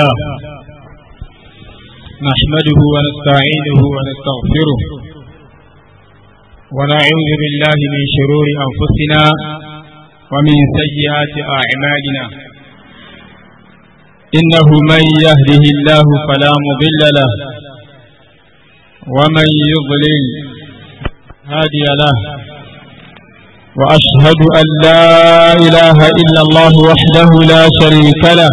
الله نحمده ونستعينه ونستغفره ونعوذ بالله من شرور أنفسنا ومن سيئات أعمالنا إنه من يهده الله فلا مضل له ومن يضلل هادي له وأشهد أن لا إله إلا الله وحده لا شريك له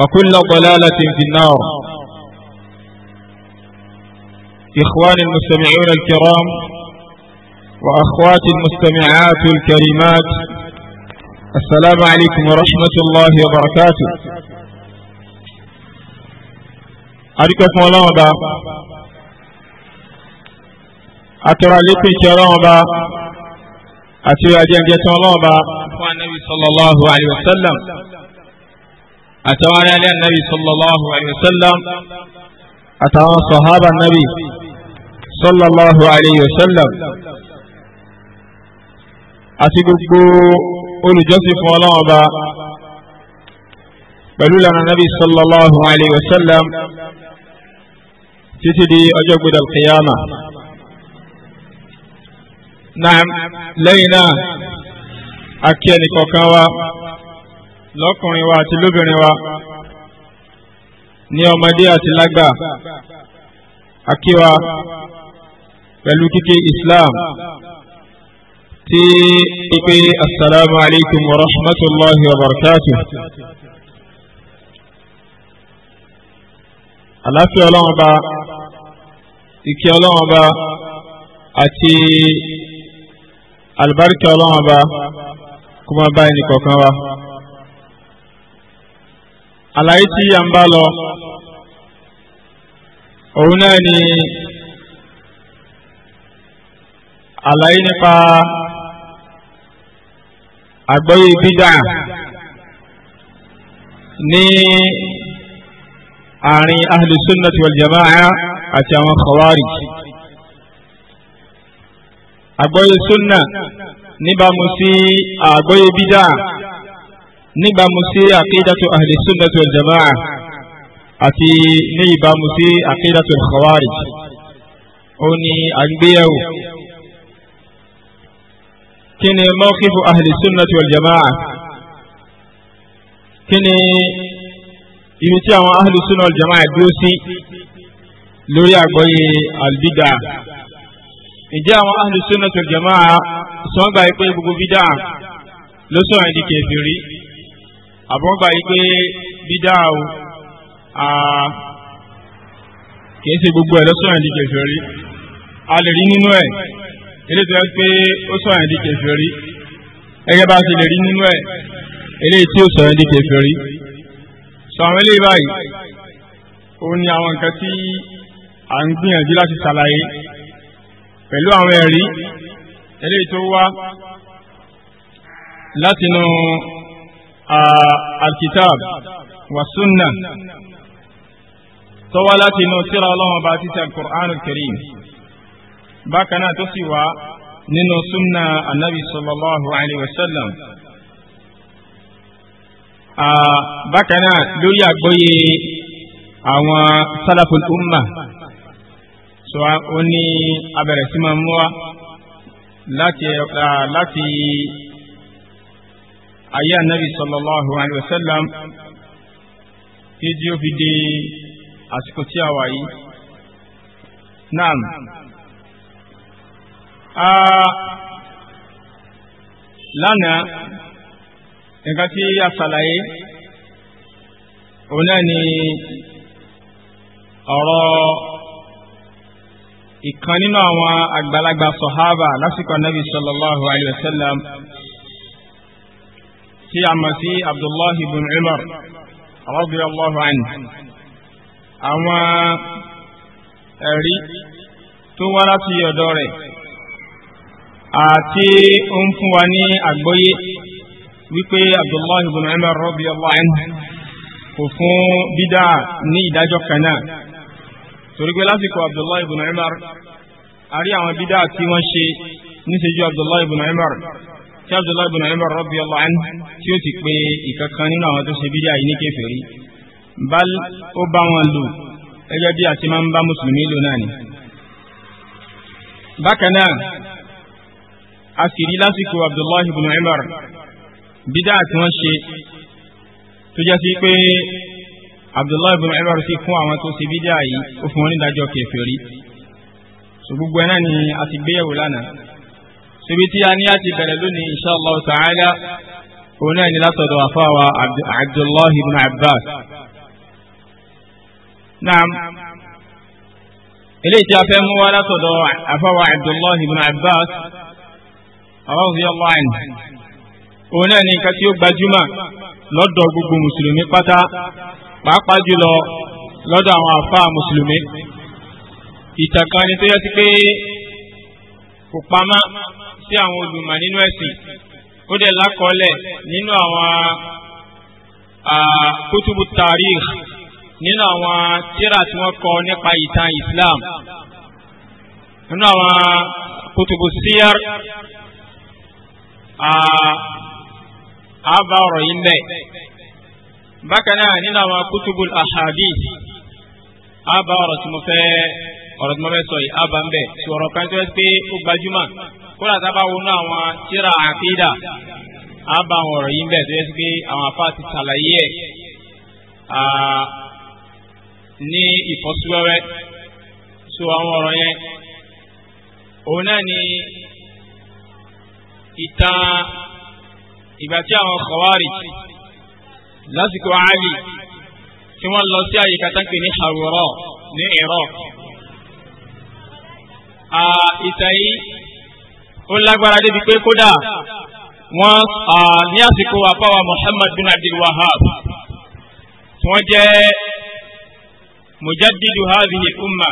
وكل ضلالة في النار إخواني المستمعون الكرام وأخواتي المستمعات الكريمات السلام عليكم ورحمة الله وبركاته أريكم الله با أترى لكم كرام با أترى جنجة الله با النبي صلى الله عليه وسلم أتوالي على النبي صلى الله عليه وسلم أتوالي صحابة النبي صلى الله عليه وسلم أتقبوا أولي جسف ولعبا بل لنا النبي صلى الله عليه وسلم تتدي أجبد القيامة نعم لينا أكيني كوكاوا lọ́kùnrin wa àti lóbìnrin wa ní ọmọdé àti lágbà akíwa pẹ̀lú kíkí islam tí pípé assalamu alaikum wa rahmatullahi wa barakatuh àláfíà ọlọ́run ọba ìkẹ́ ọlọ́run ọba àti albarka ọlọ́run ọba kó máa bá ẹnì kọ̀ọ̀kan wa àlàyé tí a ń bá lọ òun náà ni àlàyé nípa àgbọ́yé bídà ní àárín ahlu sunnati wal jama'a àti àwọn khawarij àgbọ́yé sunna níbàámu sí bídà níbàámu sí àkídàtú ahli sunnati wal jama'a àti ní ìbámu sí àkídàtú al-khawarij ó ní àgbéyẹ̀wò kí ni mawqifu ahli sunnati wal jama'a kí ni ibi tí àwọn ahli sunnati wal jama'a dúró sí lórí àgbọ́yé albida ǹjẹ́ àwọn ahli sunnati sọ́ngbà ìpè gbogbo bídà ló sọ̀rọ̀ ẹ̀dí àbọ̀gbà yìí pé bídá o kìí ṣe gbogbo ẹ̀ lọ́sọ̀rọ̀ ẹ̀dí kèfèrí a lè rí nínú ẹ̀ eléyìí tó yẹ pé ó sọ̀rọ̀ ẹ̀dí kèfèrí gẹ́gẹ́ bá a ṣe lè rí nínú ẹ̀ eléyìí tí ó sọ̀rọ̀ ẹ̀dí kèfèrí sọ àwọn eléyìí báyìí ó ní àwọn nǹkan tí à ń gbìyànjú láti ṣàlàyé pẹ̀lú àwọn ẹ̀rí eléyìí tó wá látinú alkitab wa sunna tó wá láti inú tírà ọlọ́run ọba títí alkur'an alkarim bákan náà tó sì wá nínú sunna anabi sallallahu alayhi wa sallam bákan náà lórí àgbóyé àwọn salaful umma so ó ní abẹ̀rẹ̀ sí máa mú wa láti ayé anabi sallallahu alayhi wa sallam tí ó fi di àsìkò tí a wà yìí naam lánàá nǹkan tí a ṣàlàyé òun náà ni ọ̀rọ̀ ìkan nínú àwọn àgbàlagbà sọ̀hábà lásìkò anabi sallallahu alayhi wa sallam tí a mọ̀ sí abdullahi ibn umar radiyallahu anhu àwọn ẹ̀rí tó wá láti ọ̀dọ̀ rẹ̀ àti ó ń fún wa ní àgbọ́yé wípé abdullahi ibn umar radiyallahu anhu kò fún bídá ní ìdájọ́ kan náà torí pé lásìkò abdullahi ibn umar a rí àwọn bídá tí wọ́n ṣe níṣẹ́jú abdullahi ibn umar tí abdullahi bin umar radiyallahu anhu tí ó ti pé ìkankan nínú àwọn tó ṣe bídíà yìí ní kèfèrí bal ó bá wọn lò gẹ́gẹ́ bí àti máa ń bá mùsùlùmí lò náà ni. bákan náà a sì rí lásìkò abdullahi bin umar bídíà tí wọ́n ṣe tó jẹ́ sí pé abdullahi bin umar sì fún àwọn tó ṣe bídíà yìí ó fún wọn nídàájọ́ kèfèrí. sọ gbogbo ẹ̀ náà ni a ti gbéyẹ̀wò lánàá síbi tí a ní àti bẹ̀rẹ̀ lónìí insha Allah ta'ala òun náà ni látọ̀dọ̀ àfáwà Abdullahi ibn Abbas. Naam eléyìí tí a fẹ́ mú wá látọ̀dọ̀ àfáwà Abdullahi ibn Abbas radiyallahu anhu òun náà ni nǹkan tí ó gbajúmọ̀ lọ́dọ̀ gbogbo mùsùlùmí pátá pàápàá jùlọ lọ́dọ̀ àwọn àfa mùsùlùmí ìtàkànnì tó yẹ sí pé kò pamọ́ sí àwọn olùmọ̀ nínú ẹ̀sìn ó dẹ̀ lákọọ́lẹ̀ nínú àwọn kútùbù tàríkh nínú àwọn tíra tí wọ́n kọ nípa ìtàn Islam nínú àwọn kútùbù síyar àbá ọ̀rọ̀ yìí mẹ́ bákan náà nínú àwọn kútùbù ahadith àbá ọ̀rọ̀ tí mo fẹ́ ọ̀rọ̀ tí mo fẹ́ sọ yìí àbá ń sọ̀rọ̀ kan tó yẹ pé ó gbajúmọ̀ kódà tá a bá wọnú àwọn tíra àkídà á bá àwọn ọ̀rọ̀ yìí ń bẹ̀ tó yẹ sí pé àwọn afá ti ṣàlàyé ẹ̀ ní ìfọ́síwẹ́wẹ́ so àwọn ọ̀rọ̀ yẹn òun náà ni ìtàn ìgbà tí àwọn kọ̀wárì lásìkò àálì tí wọ́n lọ sí àyíká tánkì ní Hawara ní Iraq. Ìtàn yìí ó lágbára débi pé kódà wọ́n ní àsìkò àpáwà Muhammad bin Abdul Wahhab tí wọ́n jẹ́ mujaddidu hadhihi umma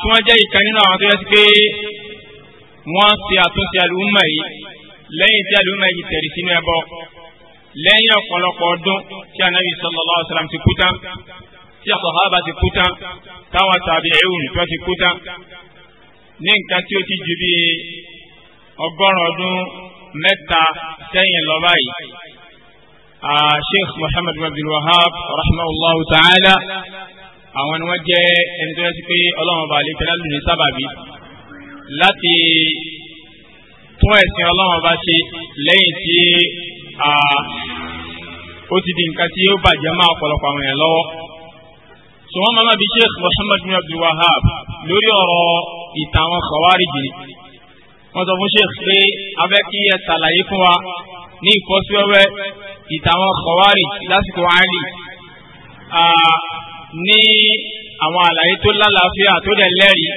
tí wọ́n jẹ́ ìkan nínú àwọn tó yẹ sí pé wọ́n ṣe àtúnṣe àlùmọ̀ yìí lẹ́yìn tí àlùmọ̀ yìí tẹ̀rí sínú ẹbọ lẹ́yìn ọ̀pọ̀lọpọ̀ ọdún tí anabi sallallahu alaihi wasallam ti kú tán tí àsàhábà ti kú tán táwọn tàbí ẹ̀hún tó ti kú tán ní nǹkan tí ó ti ju bí ọgọ́rùn ọdún mẹ́ta sẹ́yìn lọ báyìí sheikh muhammad abdul wahab rahimahullahu ta'ala àwọn ni wọ́n jẹ́ ẹni tó yẹ sí pé ọlọ́run ọba àlejò lálù ní sábàbí láti tún ẹ̀sìn ọlọ́run ọba ṣe lẹ́yìn tí ó ti di nǹkan tí ó bàjẹ́ máa ọ̀pọ̀lọpọ̀ àwọn èèyàn lọ́wọ́ so wọn mama bi sheikh muhammad bin abdul wahab lórí ọ̀rọ̀ ìtàn àwọn khawarij wọn sọ fún sheikh pé abẹ kí ẹ ṣàlàyé fún wa ní ìfọ́síwẹ́wẹ́ ìtàn àwọn khawarij lásìkò ali ní àwọn àlàyé tó lálàáfíà tó dẹ̀ lẹ́rìí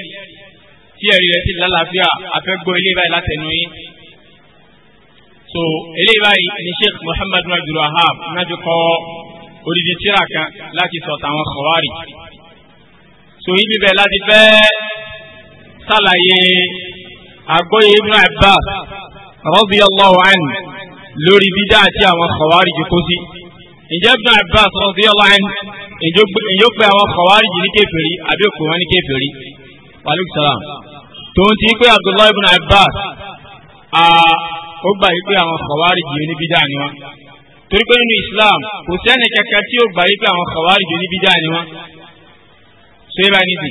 tí ẹ̀rí rẹ̀ sì lálàáfíà àfẹ́gbọ́ ilé báyìí látẹnu yín. so ilé báyìí ni sheikh muhammad bin abdul wahab náà kọ́ odidi tíra kan láti sọ tàwọn kọ̀wárì so ibi bẹ́ẹ̀ láti fẹ́ sàlàyé àgbọ́yé Ibn Abbas radiyallahu anhu lórí bídá àti àwọn kọ̀wárì jòkó sí ǹjẹ́ Ibn Abbas radiyallahu anhu ǹjọ́ pé àwọn kọ̀wárì jì ní kèfèrí àbí òkú wọn ní kèfèrí wàlúù sàlám tó ń ti pé Abdullahi Ibn Abbas ó gbà yí pé àwọn kọ̀wárì jì ní bídá ni wọn torí pé nínú Islam kò sẹ́ni kankan tí ó gbà wípé àwọn khawarij oníbídà ni wọ́n so yẹ bá ní di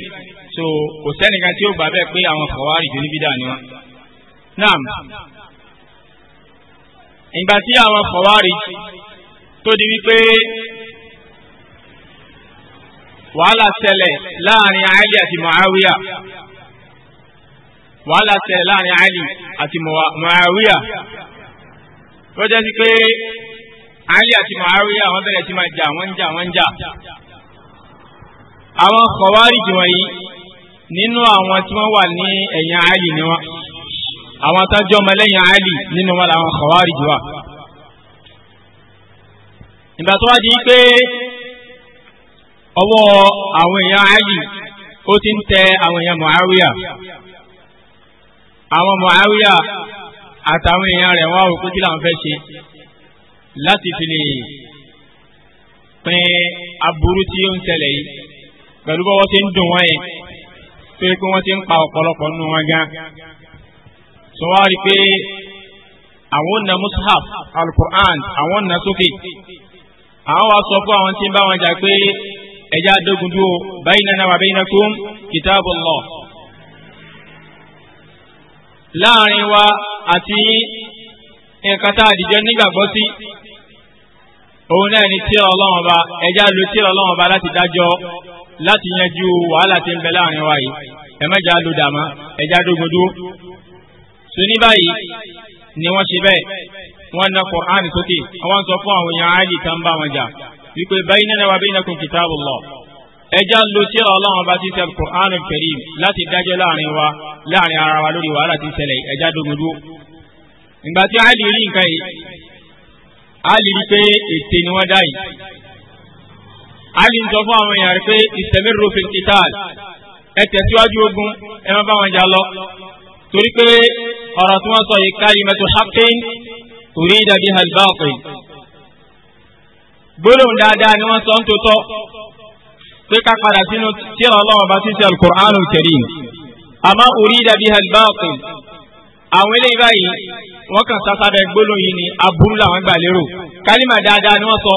so kò sẹ́ni kankan tí ó gbà bẹ́ẹ̀ pé àwọn khawarij oníbídà ni wọ́n. naam ìgbà tí àwọn khawarij tó di wípé wàhálà ṣẹlẹ̀ láàrin Ali àti Muawiya wàhálà ṣẹlẹ̀ láàrin Ali àti Muawiya lọ́jọ́ sí pé. Ali àti Muawiya àwọn bẹ̀rẹ̀ ti máa jà wọ́n ń jà wọ́n jà. Àwọn Khawarij wọ̀nyí nínú àwọn tí Ali ni wọ́n. Àwọn atájọ́ Ali nínú wọn làwọn Khawarij wà. Ìgbà tó wá di pé ọwọ́ àwọn èèyàn Ali ó ti ń tẹ àwọn èèyàn Muawiya. Àwọn Muawiya àtàwọn èèyàn rẹ̀ wọ́n á pé kí láti fi lè pẹ́ aburú tí ó ń ṣẹlẹ̀ yìí pẹ̀lú bọ́wọ́ tí ń dùn wọ́n yẹn tó yẹ pé wọ́n ti ń pa ọ̀pọ̀lọpọ̀ nínú wọn gan. sọ wá rí i pé àwọn na mushaf alukur'an àwọn na sókè àwọn wa sọ fún àwọn tí ń bá wọn jà pé ẹja dógun dúró baynana wa baynakum kitabullah láàrin wa àti nǹkan tá a dìjọ nígbàgbọ́ sí òun náà ni tíra ọlọ́run ọba ẹja lo tíra ọlọ́run ọba láti dájọ́ láti yanjú wàhálà tí ń bẹ láàrin wa yìí ẹ̀mẹ́jà lo dàmá ẹja dógun dúró. so báyìí ni wọ́n ṣe bẹ́ẹ̀ wọ́n na Kùránì sókè àwọn sọ fún àwọn èèyàn áàlì tá ń bá wọn jà wípé baynana wa baynakum kitabullah ẹja lo tíra ọlọ́run ọba ti sẹ́l Kùránì Karim láti dájọ́ láàrin wa láàrin ara wa lórí wàhálà tí ń a lè rí pé ète ni wọ́n dá yìí a lè sọ fún àwọn èèyàn rẹ̀ pé istamiru fil qital ẹ tẹ̀síwájú ogun ẹ má bá wọn jà lọ torí pé ọ̀rọ̀ tí wọ́n sọ yìí kalimatu haqqin turida biha al-batil gbólóhùn dáadáa ni wọ́n sọ ń tó tọ́ pé ká padà sínú tírà ọlọ́wọ́ bá títí al-Qur'anul Karim àmọ́ urida biha al-batil àwọn eléyìí báyìí wọ́n kàn sásábẹ́ gbólóhùn yìí ni aburú làwọn gbà lérò kálímà dáadáa ni wọ́n sọ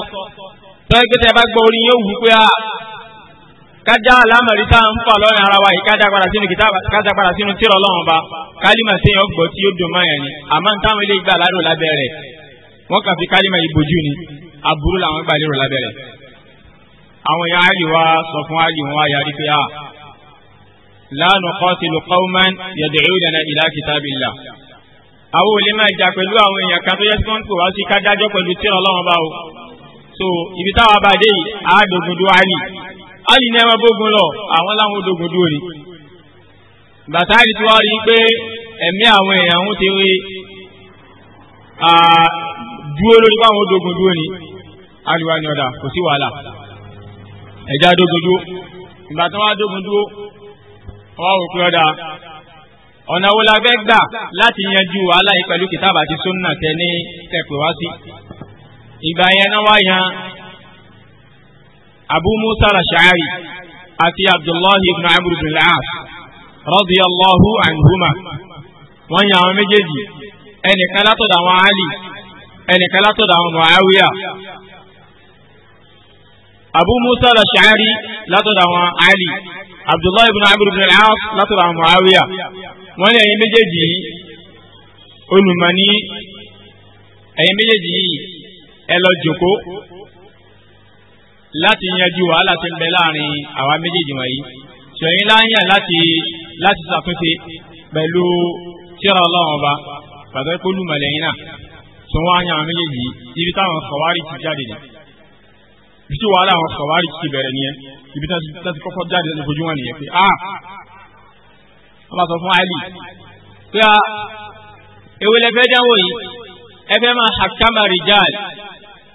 tọ́jú pé tẹ́ bá gbọ́ orin yóò wù pé a ah, kájá alámọ̀rí tá à ń fà lọ́rùn ara wa yìí kájá padà sínú kìtá kájá padà sínú tírà Ọlọ́run ba kálímà téèyàn gbọ́ tí yóò dùn máyà ni àmọ́ táwọn ilé gbà ládùn lábẹ́ rẹ̀ wọ́n kàn fi kálímà yìí bojú ni aburú làwọn gbà lérò lábẹ́ rẹ̀ àwọn ya àlì wa sọ fún àlì wọn ya rí pé a ah, la nuqatilu qawman yad'una ila àwọn ò lè máa jà pẹ̀lú àwọn èèyàn kan tó yẹ kí wọ́n ń wá sí ká dájọ́ pẹ̀lú tí ọlọ́run bá o so ibi táwa bá dé yìí àádógún dúró àlì àlì ní ẹwà bógun lọ àwọn láwọn òdógún dúró ni bàtà àlì tí wọ́n rí i pé ẹ̀mí àwọn èèyàn ń ti dúró lórí báwọn òdógún dúró ni àlì wa ni ọ̀dà kò sí wàhálà ẹ̀já dógun dúró ìgbà tí wọ́n á dúró wọ́n á pé ọ̀dà ọ̀nà wo la fẹ́ gbà láti yanjú wàhálà yìí pẹ̀lú kìtàbà àti sunna tẹ ní tẹ̀pẹ̀ ìgbà yẹn náà wá yan abu musa al-ash'ari àti abdullahi ibn amr ibn al-as radiyallahu anhuma wọ́n yan àwọn méjèèjì ẹnìkan látọ̀dọ̀ àwọn ali ẹnìkan látọ̀dọ̀ àwọn muawiya abu musa al-ash'ari látọ̀dọ̀ àwọn ali abdullahi ibn amr ibn al-as látọ̀dọ̀ àwọn muawiya wọ́n ní ẹ̀yin méjèèjì olùmọ̀ ní ẹ̀yin méjèèjì yìí ẹ lọ jòkó láti yanjú wàhálà tí ń bẹ láàrin àwa méjèèjì wọ̀nyí ṣẹ̀yìn láyàn láti láti ṣàtúnṣe pẹ̀lú tíra ọlọ́run ọba pàtó kó lùmọ̀ lẹ́yìn náà tí wọ́n á yan àwọn méjèèjì ibi táwọn kọ̀wárì ti jáde ni ibi tí wàhálà àwọn kọ̀wárì ti bẹ̀rẹ̀ nìyẹn ibi tí wọ́n ti kọ́kọ́ jáde lójoojúmọ́ nìyẹn pé ah wọ́n máa sọ fún Ali pé a ah, èwo lẹfẹ dánwò yìí ẹfẹ máa hakama rijal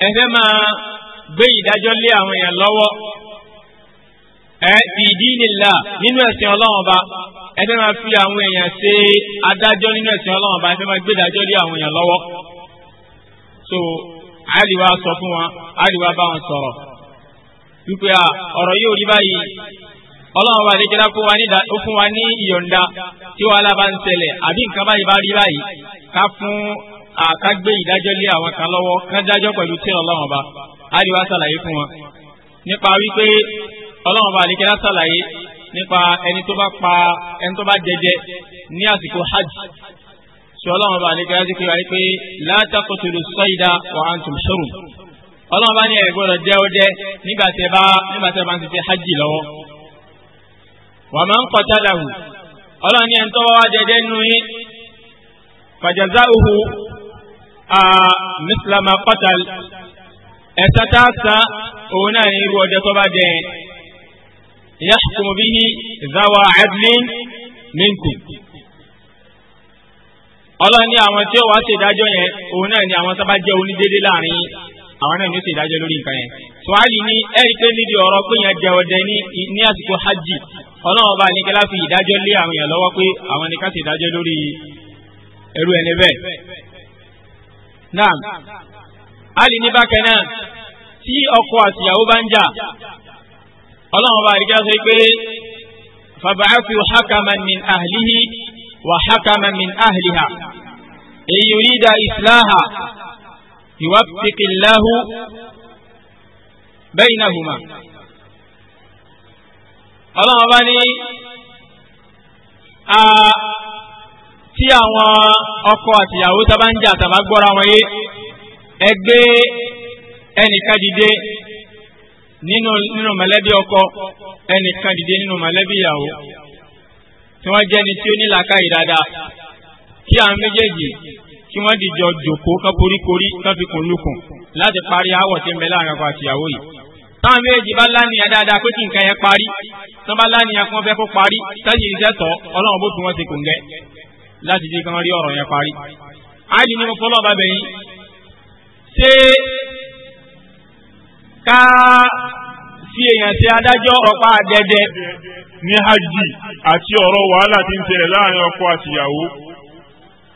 ẹfẹ máa gbé ìdájọ́ lé àwọn èèyàn lọ́wọ́ ẹ ìdí nìlá nínú ẹ̀sìn Ọlọ́run ọba ẹfẹ máa fi àwọn èèyàn ṣe adájọ́ nínú ẹ̀sìn Ọlọ́run ọba ẹfẹ máa gbé ìdájọ́ lé àwọn èèyàn lọ́wọ́ so Ali wa sọ fún wọn Ali wa bá wọn sọ̀rọ̀ wípé a ah, ọ̀rọ̀ yóò rí báyìí ọlọ́run bá lékelá fún wa ní ó fún wa ní ìyọ̀ǹda tí wàhálà bá ń ṣẹlẹ̀ àbí nǹkan báyìí bá rí báyìí ká fún àkágbé ìdájọ́ lé àwọn kan lọ́wọ́ kán dájọ́ pẹ̀lú tí ọlọ́run bá àríwá ṣàlàyé fún wọn nípa wípé ọlọ́run bá lékelá ṣàlàyé nípa ẹni tó bá pa ẹni tó bá jẹjẹ ní àsìkò hajj tí ọlọ́run bá lékelá ti kéwàá pé la taqtulu sayda wa antum shurum ọlọ́run bá ní ẹ gbọ́dọ̀ jẹ ọdẹ nígbà tẹ́ bá nígbà wọ́n máa ń kọjá dàhù ọlọ́run ní ẹni tó bá wá jẹjẹ nínú yín fàjàzá òhu mísìlámà pátàl ẹ̀sán tá a sa òun náà ní irú ọjọ́ tó bá jẹ yahkum bihi zawa adlin minkum ọlọ́run àwọn tí ó wá ṣe ìdájọ́ yẹn òun náà ní àwọn sábà jẹ́ onídéédé láàrin àwọn náà ní ó ṣe ìdájọ́ lórí nǹkan yẹn tùwálì ní ẹ̀rí pé nídìí ọ̀rọ̀ pé yẹn jẹ ọdẹ ní àsìkò hajj ọlọ́run bá nígbà láfi ìdájọ́ lé àwọn èèyàn lọ́wọ́ pé àwọn ni ká ṣe ìdájọ́ lórí ẹrú ẹni bẹ́ẹ̀. náà alì ní bákan náà tí ọkọ àtìyàwó bá ń jà ọlọ́run bá nígbà sọ pé fàbàáfù hakaman min ahlihi wa hakaman min ahliha èyí yurida islaha yuwaffiqillahu baynahuma ọlọ́run bá ní tí àwọn ọkọ àtìyàwó tábà ń jà tàbá gbọ́ra wọn yé ẹgbẹ́ ẹnìkan dìde nínú nínú mọ̀lẹ́bí ọkọ ẹnìkan dìde nínú mọ̀lẹ́bí ìyàwó tí wọ́n jẹ́ ni tí ó nílàka ìdada kí àwọn méjèèjì kí wọ́n dìjọ jòkó káporíkorí káfikùn lukùn láti parí àwọ̀ tí ń bẹ láàrin ọkọ àtìyàwó yìí táwọn méjèèjì bá lánìyàn dáadáa pé kí nǹkan yẹn parí tán bá lánìyàn kí wọ́n fẹ́ kó parí tẹ́jì iṣẹ́ tọ́ ọlọ́run bó fi wọ́n ti kòǹgẹ́ láti di kan rí ọ̀rọ̀ yẹn parí. àìlì ni mo fọlọ́ ọba bẹ̀yìn ṣé ká fi èèyàn ṣe adájọ́ ọ̀pá dẹ́dẹ́ ní hajj àti ọ̀rọ̀ wàhálà tí ń ṣẹlẹ̀ láàrin ọkọ àtìyàwó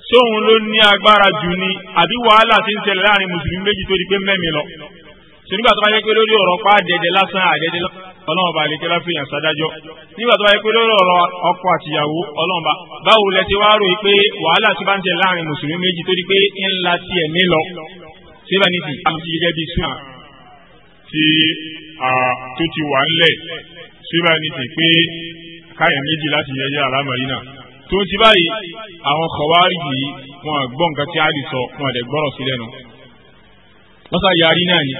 ṣóun ló ní agbára jù ni àbí wàhálà tí ń ṣẹlẹ̀ láàrin mùsùlùmí méjì tó di pé mẹ́mi lọ ṣe nígbà tó bá yẹ pé lórí ọ̀rọ̀ pa àdẹ̀dẹ̀ lásán àdẹ̀dẹ̀ ọlọ́run bá lè kẹ́lá fìyàn sádájọ́ nígbà tó bá yẹ pé lórí ọ̀rọ̀ ọkọ àtìyàwó ọlọ́run bá báwo lẹ ti wá rò pé wàhálà tí bá ń jẹ láàrin mùsùlùmí méjì tó di pé ńlá tiẹ̀ mí lọ síbẹ̀ ní ti àti gẹ́gẹ́ bí sùn tí tó ti wà ńlẹ̀ síbẹ̀ ní ti pé káyọ̀ méjì láti yẹyẹ àlámọ̀rí tó ti báyìí àwọn kọ̀wárì wọn gbọ́ nǹkan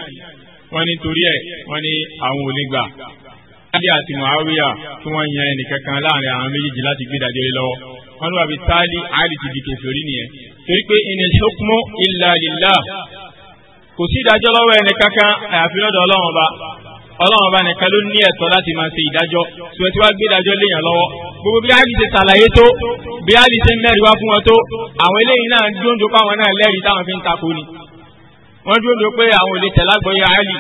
tí wọ́n ní torí ẹ̀ wọ́n ní àwọn ò ní gbà. Adé àti Muawiya tí wọ́n yan ẹnìkankan láàrin àwọn méjèèjì láti gbé ìdájọ́ yìí lọ́wọ́. Wọ́n ní wàá fi táálí àìlì ti di kèfèrí nìyẹn. Torí pé in al-hukmu illa lillah. Kò sí ìdájọ́ lọ́wọ́ ẹnìkankan àyàfi lọ́dọ̀ Ọlọ́run Ọba. Ọlọ́run Ọba nìkan ló ní ẹ̀tọ́ láti máa ṣe ìdájọ́. Sùwọ́n wá gbé ìdájọ́ léèyàn lọ́wọ́. Gbogbo bí àìlì ṣe ṣàlàyé tó, bí àìlì ṣe mẹ́rin wá fún wọn tó, àwọn eléyìí náà dúndùn pàwọn náà lẹ́rìí táwọn fi ń takò ni wọ́n dúró ló pé àwọn ò lè tẹ̀lé àgbọ̀yé àlì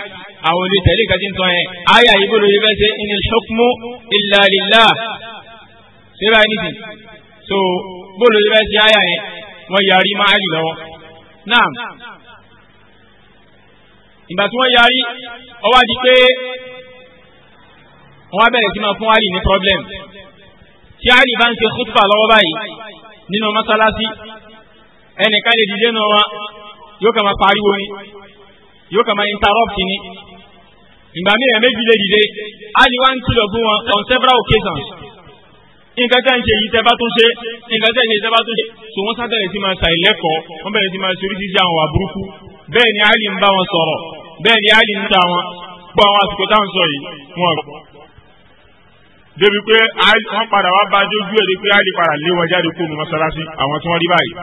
àwọn ò lè tẹ̀lé ìkàtí nǹkan yẹn àyà ìgbòrò yìí fẹ́ẹ́ ṣe in al-hukmu illa lillah síra nìsín so bóòlù yìí fẹ́ẹ́ ṣe àyà yẹn wọ́n yarí má àlì lọ́wọ́ náà ìgbà tí wọ́n yarí ọwọ́ di pé wọ́n á bẹ̀rẹ̀ sí máa fún àlì ní problem tí àlì bá ń ṣe khutba lọ́wọ́ báyìí nínú mọ́sálásí ẹnìkan lè dìde náà wá yóò kàn máa pariwo ni yóò kàn máa interrupt ni ìgbà míì ẹ̀ méjì dìde á wá ń kìlọ̀ fún wọn on several occasions nǹkan tẹ́ ń ṣe yìí tẹ́bá tún ṣe nǹkan tẹ́ ń ṣe tẹ́bá tún ṣe so wọ́n sábẹ̀rẹ̀ sí máa ṣàìlẹ́kọ̀ọ́ wọ́n bẹ̀rẹ̀ sí máa ṣe oríṣiríṣi àwọn àbúrúkú bẹ́ẹ̀ ni Ali ń bá wọn sọ̀rọ̀ bẹ́ẹ̀ ni Ali ń ta wọn gbọ́ àwọn àsìkò táwọn sọ yìí wọn gbọ́. débi pé wọ́n padà wá bá dójú ẹ̀ pé Ali padà lé wọn jáde kó nu mọ́ṣáláṣí àwọn tí wọ́n rí báyìí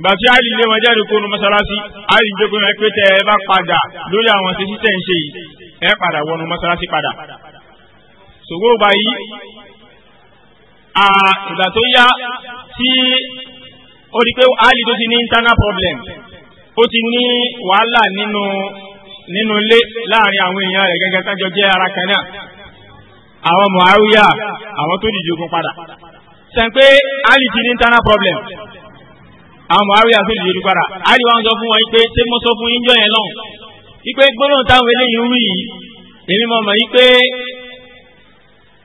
gbàtí àìlì ilé wọn jáde kónú mọ́sálásí àìlì jókòó yẹn pé tẹ ẹ bá padà lórí àwọn ṣe títẹ̀ ń ṣe yìí ẹ padà wọnú mọ́sálásí padà. sòwò báyìí ìgbà tó yá tí ó di pé àìlì tó ti ní internal problem ó ti ní wàhálà nínú nínú ilé láàrin àwọn èèyàn rẹ̀ gẹ́gẹ́ tájọ jẹ́ ara kan náà àwọn mọ̀háríyà àwọn tó dìde ogun padà. sẹ́ńpé àìlì ti ní internal problem. àwọn mọ̀hárí àti olùyẹ̀dù padà àrí wọn sọ fún wọn pé ṣé mo sọ fún yíjọ yẹn lọ́hùn wípé gbólóhùn táwọn eléyìí ń wí yìí èmi mọ̀ mọ̀ yìí pé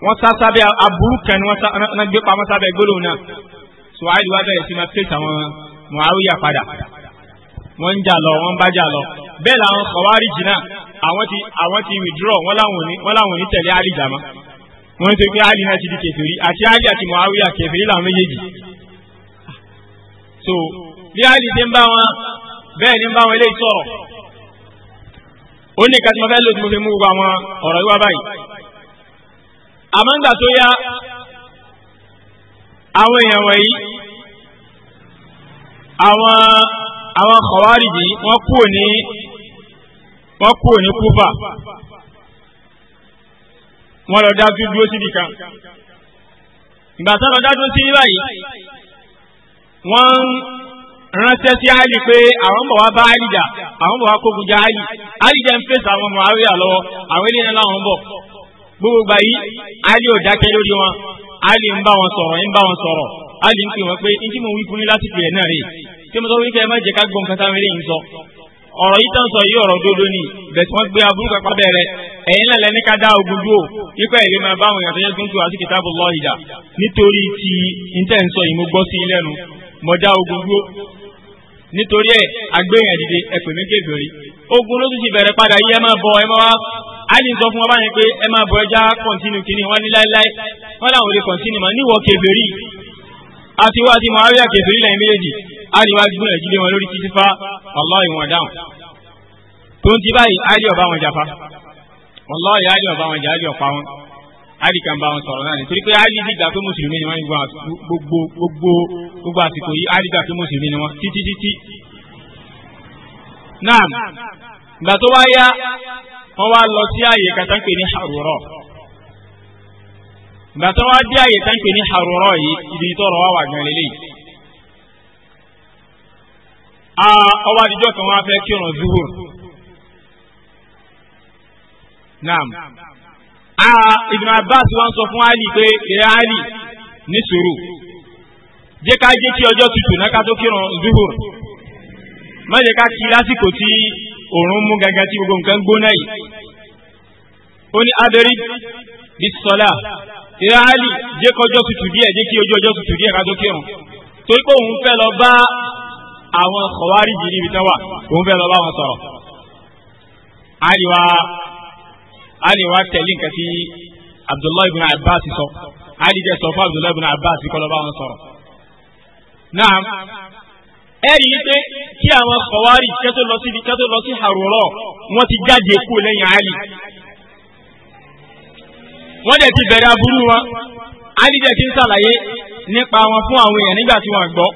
wọ́n sá sábẹ́ aburú kan ni wọ́n gbé pamọ́ sábẹ́ gbólóhùn náà sọ bẹ̀rẹ̀ sí máa fèsì àwọn padà wọ́n ń jà lọ wọ́n bá lọ bẹ́ẹ̀ làwọn àwọn ti withdraw wọ́n tẹ̀lé wọ́n ń sọ pé náà ti di àti àti muhari làwọn méjèèjì so bí Ali ti ń bá wọn bẹ́ẹ̀ ni ń bá wọn eléyìí sọ̀rọ̀ ó ní kàtí mo fẹ́ lò tí mo fi mú gbogbo àwọn ọ̀rọ̀ yìí wá báyìí àmọ́ ńgbà tó yá àwọn èèyàn wọ̀nyí àwọn àwọn kọ̀wárìjì wọ́n kúrò ní wọ́n kúrò ní kúfà wọ́n lọ dá dúdú síbi kan ìgbà tó lọ dá dúdú síbi báyìí. wọ́n ránṣẹ́ sí àìlì pé àwọn bọ̀ wá bá àìlì jà àwọn bọ̀ wá kógun jà àìlì àìlì jẹ́ ń fèsì àwọn ọmọ àríyá lọ́wọ́ àwọn ń bọ̀ gbogbo gbà yìí àìlì ò dákẹ́ lórí wọn àìlì ń bá wọn sọ̀rọ̀ ń bá wọn sọ̀rọ̀ àìlì ń pè wọ́n pé ní tí mo wí fún yín lásìkò yẹn náà rè mo sọ ẹ má ká ni gbé aburú ká dá ogun dúró ipa máa bá àwọn èèyàn tó yẹ tó ń tu mọ̀dá ogun dúró nítorí ẹ agbẹ́yìn àdìde ẹ̀pẹ̀ méjì ìdòrí ogun ló tún ti bẹ̀rẹ̀ padà yìí ẹ máa bọ̀ ẹ máa wá ali sọ fún wa báyìí pé ẹ máa bọ̀ ẹja kọ̀ntínú kìíní wọn ní láéláé wọn làwọn ò lè kọ̀ntínú mọ́ níwọ̀ kẹfẹ́rì àti wá àti muhawiya kẹfẹ́rì lẹ́yìn méjèèjì ali wá gbọ́n ẹ̀jú wọn lórí títí fa wallahi wọn dáhùn tó ń ti báyìí ali ọba wọn jàfa wallahi ali ọba wọn jà ali ọ̀pá wọn ali kan bá wọn sọ̀rọ̀ náà ni torí pé ali dìgbà pé mùsùlùmí ni wọ́n gbogbo gbogbo gbogbo àsìkò yìí ali dìgbà pé mùsùlùmí ni wọ́n títí títí. naam ìgbà tó wá yá wọ́n wá lọ sí àyè kàtà ń pè ní harurọ̀ ìgbà tó wá dé àyè kàtà ní harurọ̀ yìí ibi tọrọ wá wà gan lélẹ́yìí. ọwọ́ àdìjọ́ kan wá fẹ́ kírun zuhur. naam. Ibn Abbas wá ń sọ fún Ali pé ìrẹ́ Ali ní sùúrù jẹ́ ká jẹ́ kí ọjọ́ tutù náà ká tó kírun zuhur má jẹ́ ká kí lásìkò tí òórùn mú gangan tí gbogbo nǹkan gbóná yìí ó ní adẹ́rí bí sọlá ìrẹ́ Ali jẹ́ kọjọ́ tutù díẹ̀ jẹ́ kí ojú ọjọ́ tutù díẹ̀ ká tó kírun torí pé òun fẹ́ lọ bá àwọn kọ̀wárìjì níbi tán wà òun fẹ́ lọ bá wọn sọ̀rọ̀ Ali wá a lè wá tẹ̀lé nǹkan tí abdullahi ibn abbas sọ a lè sọ fún abdullahi ibn abbas kọ́lọ́ wọn sọ̀rọ̀. náà ẹ̀rí pé kí àwọn kọ̀wárì kẹ́tọ́ lọ síbi kẹ́tọ́ lọ sí àrùrọ̀ wọ́n ti jáde kú lẹ́yìn àlì. wọ́n dẹ̀ ti bẹ̀rẹ̀ aburú wọn a lè ti ń ṣàlàyé nípa wọn fún àwọn èèyàn nígbà tí wọ́n gbọ́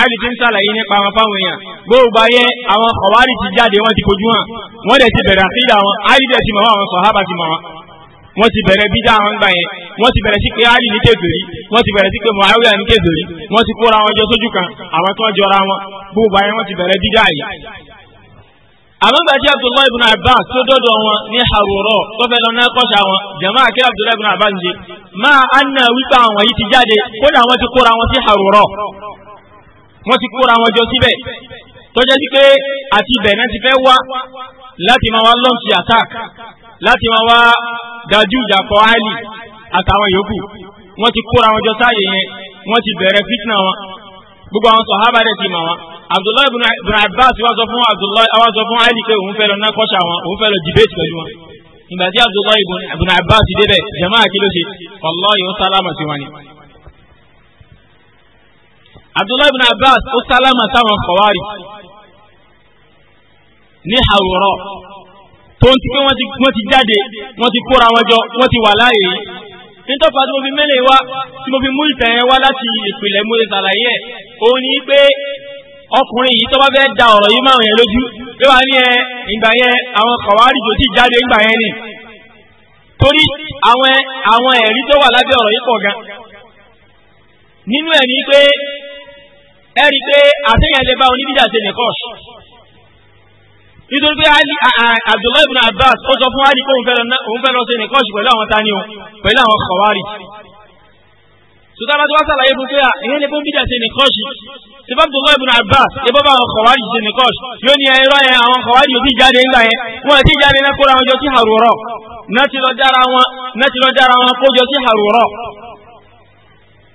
àìlì fi ń sàlàyé nípa àwọn fáwọn èèyàn gbóògbà yẹ àwọn ọ̀wárì ti jáde wọ́n ti kojú hàn wọ́n dẹ̀ ti bẹ̀rẹ̀ àfíìdà wọn àìlì dẹ̀ ti mọ̀ àwọn sọ̀hábà ti mọ̀ wọn wọ́n ti bẹ̀rẹ̀ bídá àwọn gbà yẹn wọ́n ti bẹ̀rẹ̀ sí pé àìlì ní kézòrí wọ́n ti bẹ̀rẹ̀ sí pé mọ̀háwíà ní kézòrí wọ́n ti kóra wọn jọ sójú kan àwọn tó ń jọra wọn gbóògbà yẹn wọ́n ti bẹ̀rẹ̀ Haroro tó fẹ́ lọ náà kọ́ṣà wọn jama kí Abdullahi ibn Abbas ń ṣe máa anna wípé àwọn yìí Haroro wọ́n ti kóra wọn jọ síbẹ̀ tọ́jẹ́ sí pé àti ibẹ̀ náà ti fẹ́ wá láti máa wá lọ́ọ̀sì attack láti máa wá dájú ìjàpọ̀ áìlì àtàwọn yòókù wọ́n ti kóra wọn jọ sáàyè yẹn wọ́n ti bẹ̀rẹ̀ fitna wọn gbogbo àwọn sọ̀hábà rẹ̀ ti mọ̀ wọn abdullahi ibn abbas wá sọ fún abdullahi wá sọ fún áìlì pé òun fẹ́ lọ nákọ́ṣà wọn òun fẹ́ lọ debate pẹ̀lú wọn ìgbà tí abdullahi ibn abbas débẹ̀ jama'a kí ló ṣe wallahi ó sálámà sí wọn ni abdullahi bin abbas ó sálámà sáwọn kọ̀wárì ní àwòrán tó ń ti pé wọ́n ti jáde wọ́n ti kóra wọn jọ wọ́n ti wà láàyè yìí nítọ́fà tí mo fi mẹ́lẹ̀ wá tí mo fi mú ìtàn yẹn wá láti ìpìlẹ̀ mo lè ṣàlàyé ẹ̀ òun ni pé ọkùnrin yìí tó bá fẹ́ da ọ̀rọ̀ yìí márùn yẹn lójú pé wàá ní ẹ ìgbà yẹn àwọn kọ̀wárì jò tí jáde ìgbà yẹn ni torí àwọn ẹ̀rí tó wà lábẹ́ ọ̀rọ̀ yìí pọ̀ gan nínú ẹ̀ ni pé ẹ rí i pé àtẹ̀yìn lè bá oníbídà ṣe nìkọ́ṣ nítorí pé Abdullahi ibn Abbas ó sọ fún Ali pé òun fẹ́ lọ ṣe nìkọ́ṣ pẹ̀lú àwọn tani o pẹ̀lú àwọn kọ̀wárì sotaba tó wá sàlàyé fún pé ìyẹn lè bó bídà ṣe nìkọ́ṣ ṣe bá Abdullahi ibn Abbas lè bó bá àwọn kọ̀wárì ṣe nìkọ́ṣ yóò ní ẹ̀rọ yẹn àwọn kọ̀wárì yóò ti jáde ńlá yẹn wọn ti jáde náà kóra wọn jọ sí Harura kó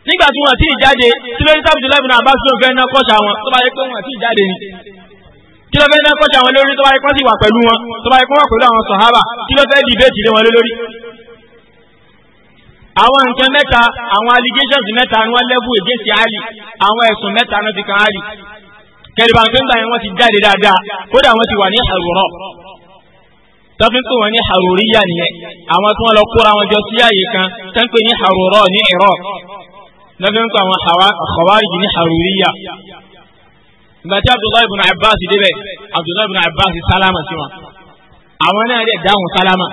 nígbà tí wọ́n ti jáde kí ló sábà jùlọ ìbùnà àbá sílò ná kọ́ṣà wọn tó bá yẹ pé wọ́n ti jáde ni kí ló fẹ́ẹ́ ná kọ́ṣà wọn lórí tó bá yẹ kó wà pẹ̀lú wọn tó bá yẹ kó wà pẹ̀lú àwọn sọ̀hábà kí ló fẹ́ẹ́ dìbéètì lé wọn lórí. àwọn nǹkan mẹ́ta àwọn allegations mẹ́ta ni wọ́n lẹ́bù ègèsì àlì àwọn ẹ̀sùn mẹ́ta náà ti kan àlì kẹrìbà tó ń gbà yẹn wọ́n ti jáde dáadáa kódà wọ́n ti wà ní àrùrọ̀ tọ́fin pé wọ́n ní àrùríyà nìyẹn àwọn tí wọ́n lọ kóra wọn jọ sí àyè kan tẹ́ ní àrùrọ̀ ní Iraq lọ́fẹ́ ń pa àwọn Khawarij ní Haruriya ìgbà tí Abdullahi ibn Abbas débẹ̀ Abdullahi ibn Abbas sálámà sí wọn àwọn náà dẹ̀ dáhùn sálámà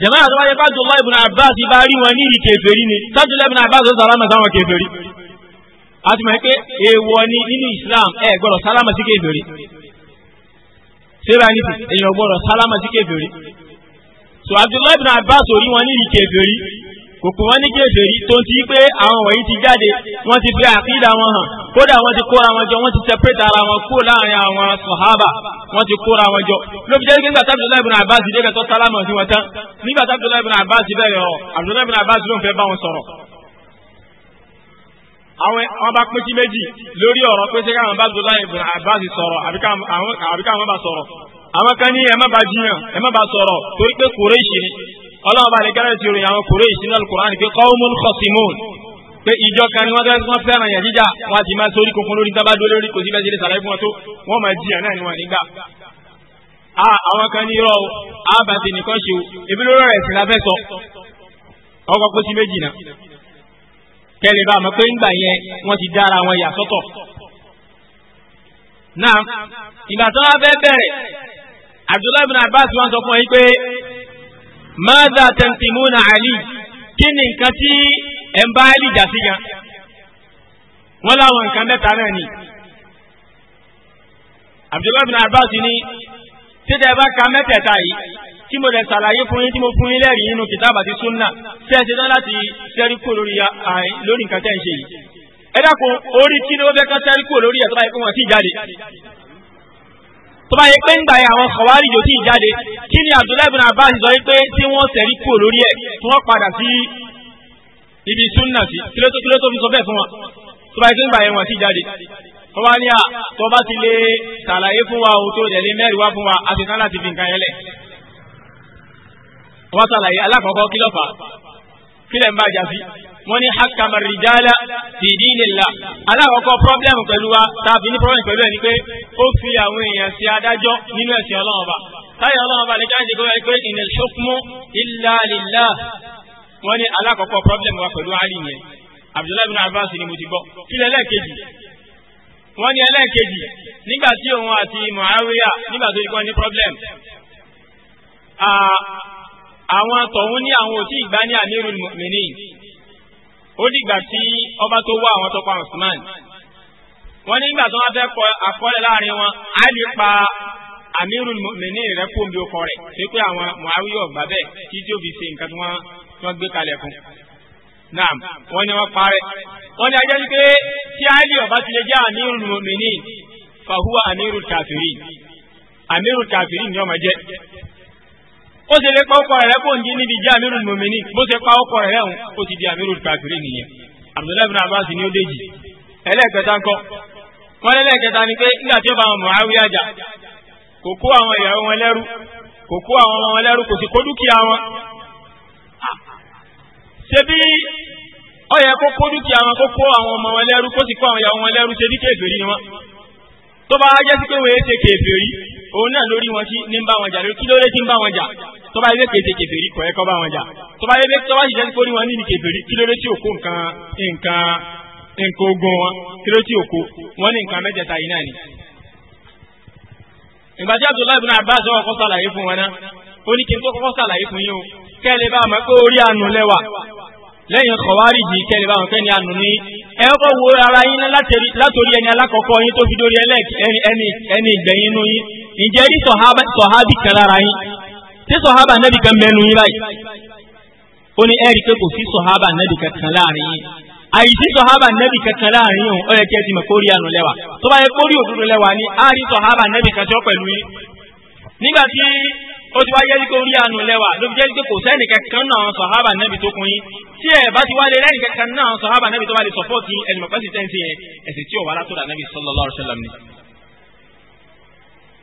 jẹ̀mọ́ àti wáyé bá Abdullahi ibn Abbas bá rí wọn ní ìrì kèfèrí ni sábdùlá ibn Abbas sálámà sáwọn kèfèrí a ti mọ̀ pé èèwọ̀ ni nínú Islam ẹ gbọ́dọ̀ sálámà sí kèfèrí sera ní èèyàn gbọ́dọ̀ sálámà sí kèfèrí so Abdullahi ibn Abbas ò wọn ní ìrì kò pè wọ́n ní kèfèrí tó ti pé àwọn wọ̀nyí ti jáde wọ́n ti fi àkídà wọn hàn kódà wọ́n ti kóra wọn jọ wọ́n ti separate ara wọn kúrò láàrin àwọn sọ̀hábà wọ́n ti kóra wọn jọ ló fi jẹ́ nígbà tí Abdullahi ibn Abbas débẹ̀ tó sálámọ̀ sí wọn tán nígbà tí Abdullahi ibn Abbas bẹ̀rẹ̀ ọ Abdullahi ibn Abbas ló ń fẹ́ bá wọn sọ̀rọ̀ àwọn àwọn bá pín sí méjì lórí ọ̀rọ̀ pé ṣé káwọn bá Abdullahi ibn Abbas àwọn bá ọlọ́run bá lè gẹ́rẹ́ sí ìròyìn àwọn kòrè ìsinú alukur'an pé qawmun khasimun pé ìjọ kan ni wọ́n fẹ́ wọ́n fẹ́ràn yẹn jíjà wọ́n ti máa sórí kunkun lórí tábà dó lórí kò sí bẹ́ẹ̀ ṣe lè sàlàyé fún wọn tó wọ́n máa jiyàn náà ni wọ́n nígbà. a àwọn kan ní irọ́ o a bá ti nìkan ṣe o ebi ló rẹ̀ sí la fẹ́ sọ ọkọ̀ kó sí méjì náà kẹ́lẹ́ bá a mọ̀ pé ńgbà yẹn wọ́n ti dára wọn yà sọ́tọ̀. náà ìgbà tó wá fẹ́ bẹ̀rẹ̀ Abdullahi bin Abbas wọn sọ fún ọ mada tanqimuna ali kí ni nǹkan tí ẹ̀ ń bá ali jà sí yan wọ́n láwọn nǹkan mẹ́ta náà ni abdullahi bin abbas ni tẹ́tẹ́ bá ka mẹ́tẹ̀ẹ̀ta yìí tí mo rẹ̀ ṣàlàyé fún yín tí mo fún yín lẹ́rìí nínú kìtàbà àti súnà tẹ́ ẹ ṣe tán láti ṣẹ́rí lórí àìn lórí nǹkan tẹ́ ń ṣe yìí ẹ dákun orí kí ni ó fẹ́ kán ṣẹ́rí kúrò lórí ẹ̀ tó bá yẹ kó wọ́n ti jáde tó bá yẹ pé ńgbà yẹn àwọn kọ̀wárì yòó tí ì jáde kí ni Abdullahi bin Abbas sọ pé tí wọ́n tẹ̀rí kúrò lórí ẹ̀ tí wọ́n padà sí ibi súnà sí kílótó kílótó fi sọ bẹ́ẹ̀ fún wa tó bá yẹ pé ńgbà yẹn wọ́n ti jáde tó bá ní à tó bá ti lè ṣàlàyé fún wa o tó tẹ̀lé mẹ́rin wá fún wa a ti tán láti fi nǹkan yẹn lẹ̀ wọ́n ṣàlàyé alákọ̀ọ́kọ́ kí kílẹ̀ ń bá jà sí wọ́n ní hakama rijala fi dinillah alákọ̀ọ́kọ́ pọ́blẹ́mù pẹ̀lú wa tàbí ní pọ́blẹ́mù pẹ̀lú ẹ̀ ni pé ó fi àwọn èèyàn sí adájọ́ nínú ẹ̀sìn ọlọ́run ọba táyà ọlọ́run ọba lè jáde kó wáyé pé inil hukmu illa lillah wọ́n ní alákọ̀ọ́kọ́ pọ́blẹ́mù wa pẹ̀lú Ali yẹn Abdullahi bin Abbas ni mo ti gbọ́ kílẹ̀ lẹ́ẹ̀kejì wọ́n ní ẹlẹ́ẹ̀kejì nígbà tí òun àti Muawiya nígbà tó yẹ kó ní àwọn tọ̀hún ní àwọn òtí ìgbà ní amirul mu'minin ó dìgbà tí ọba tó wá àwọn tó Usman wọ́n nígbà tó wọ́n fẹ́ kọ àkọọ́lẹ̀ láàrin wọn Ali pa amirul mu'minin rẹ̀ kó omi okọ rẹ̀ pé pé àwọn Muawiya ọ̀gbà bẹ́ẹ̀ kí tí ó fi ṣe nǹkan tí wọ́n gbé kalẹ̀ fún naam wọ́n ní wọ́n parẹ́ wọ́n ní ajẹ́ pé tí Ali ọba ti lè jẹ́ amirul mu'minin fahuwa amirul kafirin amirul kafirin ni ọmọ jẹ́ ó ṣe lè pa ọkọ rẹ̀ kó ń jí níbi jẹ́ amirul mumini bó ṣe pa ọkọ rẹ̀ ń ó ti di amirul kafiri nìyẹn abdullahi bin abbas ni ó déjì ẹlẹ́ẹ̀kẹta ńkọ́ wọn lẹ́lẹ́ẹ̀kẹta ni pé nígbà tí ó bá wọn Muawiya jà kò kó àwọn ìyàwó wọn lẹ́rú kò kó àwọn ọmọ wọn lẹ́rú kò sì kó dúkìá wọn bí yẹ kó kó dúkìá wọn kó kó àwọn òun náà lórí wọn sí ní bá wọn jà lórí kí ló lé tí ń bá wọn jà tó bá yẹ kéde kèfèrí kọ̀ ẹ́ kọ́ bá wọn jà tó bá yẹ tó bá sì jẹ́ kórí wọn níbi kèfèrí kí ló lé tí òkú nǹkan nǹkan nǹkan ogun wọn kí ló tí òkú wọn ní nǹkan mẹ́tẹ̀ẹ̀ta yìí náà ni. ìgbà tí Abdullahi ibn Abbas wọn kọ́ sàlàyé fún wọn náà ó ní kí n tó kọ́kọ́ sàlàyé fún yín o kẹ́lẹ́ bá mọ̀ pé orí àánú lẹ́wà lẹ́yìn kọ̀wárì yìí kẹ́lẹ́ bá wọn fẹ́ ní àánú ní ẹ kọ́ wo ara yín látòrí ẹni alákọ̀ọ́kọ́ yín tó fi dórí ẹni ìgbẹ̀yìn inú yín ǹjẹ́ rí sọ̀hábì kan lára yín tí sọ̀hábà nẹ́bì kan mẹ́nu yín báyìí ó ní ẹ́rì pé kò sí sọ̀hábà nẹ́bì kankan láàrin yín àìsí sọ̀hábà nẹ́bì kankan láàrin yín ó yẹ kí ẹ ti mọ̀ kórí àná lẹ́wà tó bá yẹ kórí òdodo lẹ́wà ni á rí sọ̀hábà nẹ́bì kan tó pẹ̀lú yín nígbà tí ó ti wá yẹ kí orí àná lẹ́wà ló fi jẹ́ pé kò sẹ́ni kankan náà sọ̀hábà nẹ́bì tó kún yín tí ẹ bá ti wá lé lẹ́ni kankan náà sọ̀hábà nẹ́bì tó wá lè sọ̀pọ̀tì ẹ̀dùnmọ̀pẹ́sì tẹ́ǹtì yẹn ẹ̀sìn tí ò wá látọ̀dà nẹ́bì sallallahu alaihi wasallam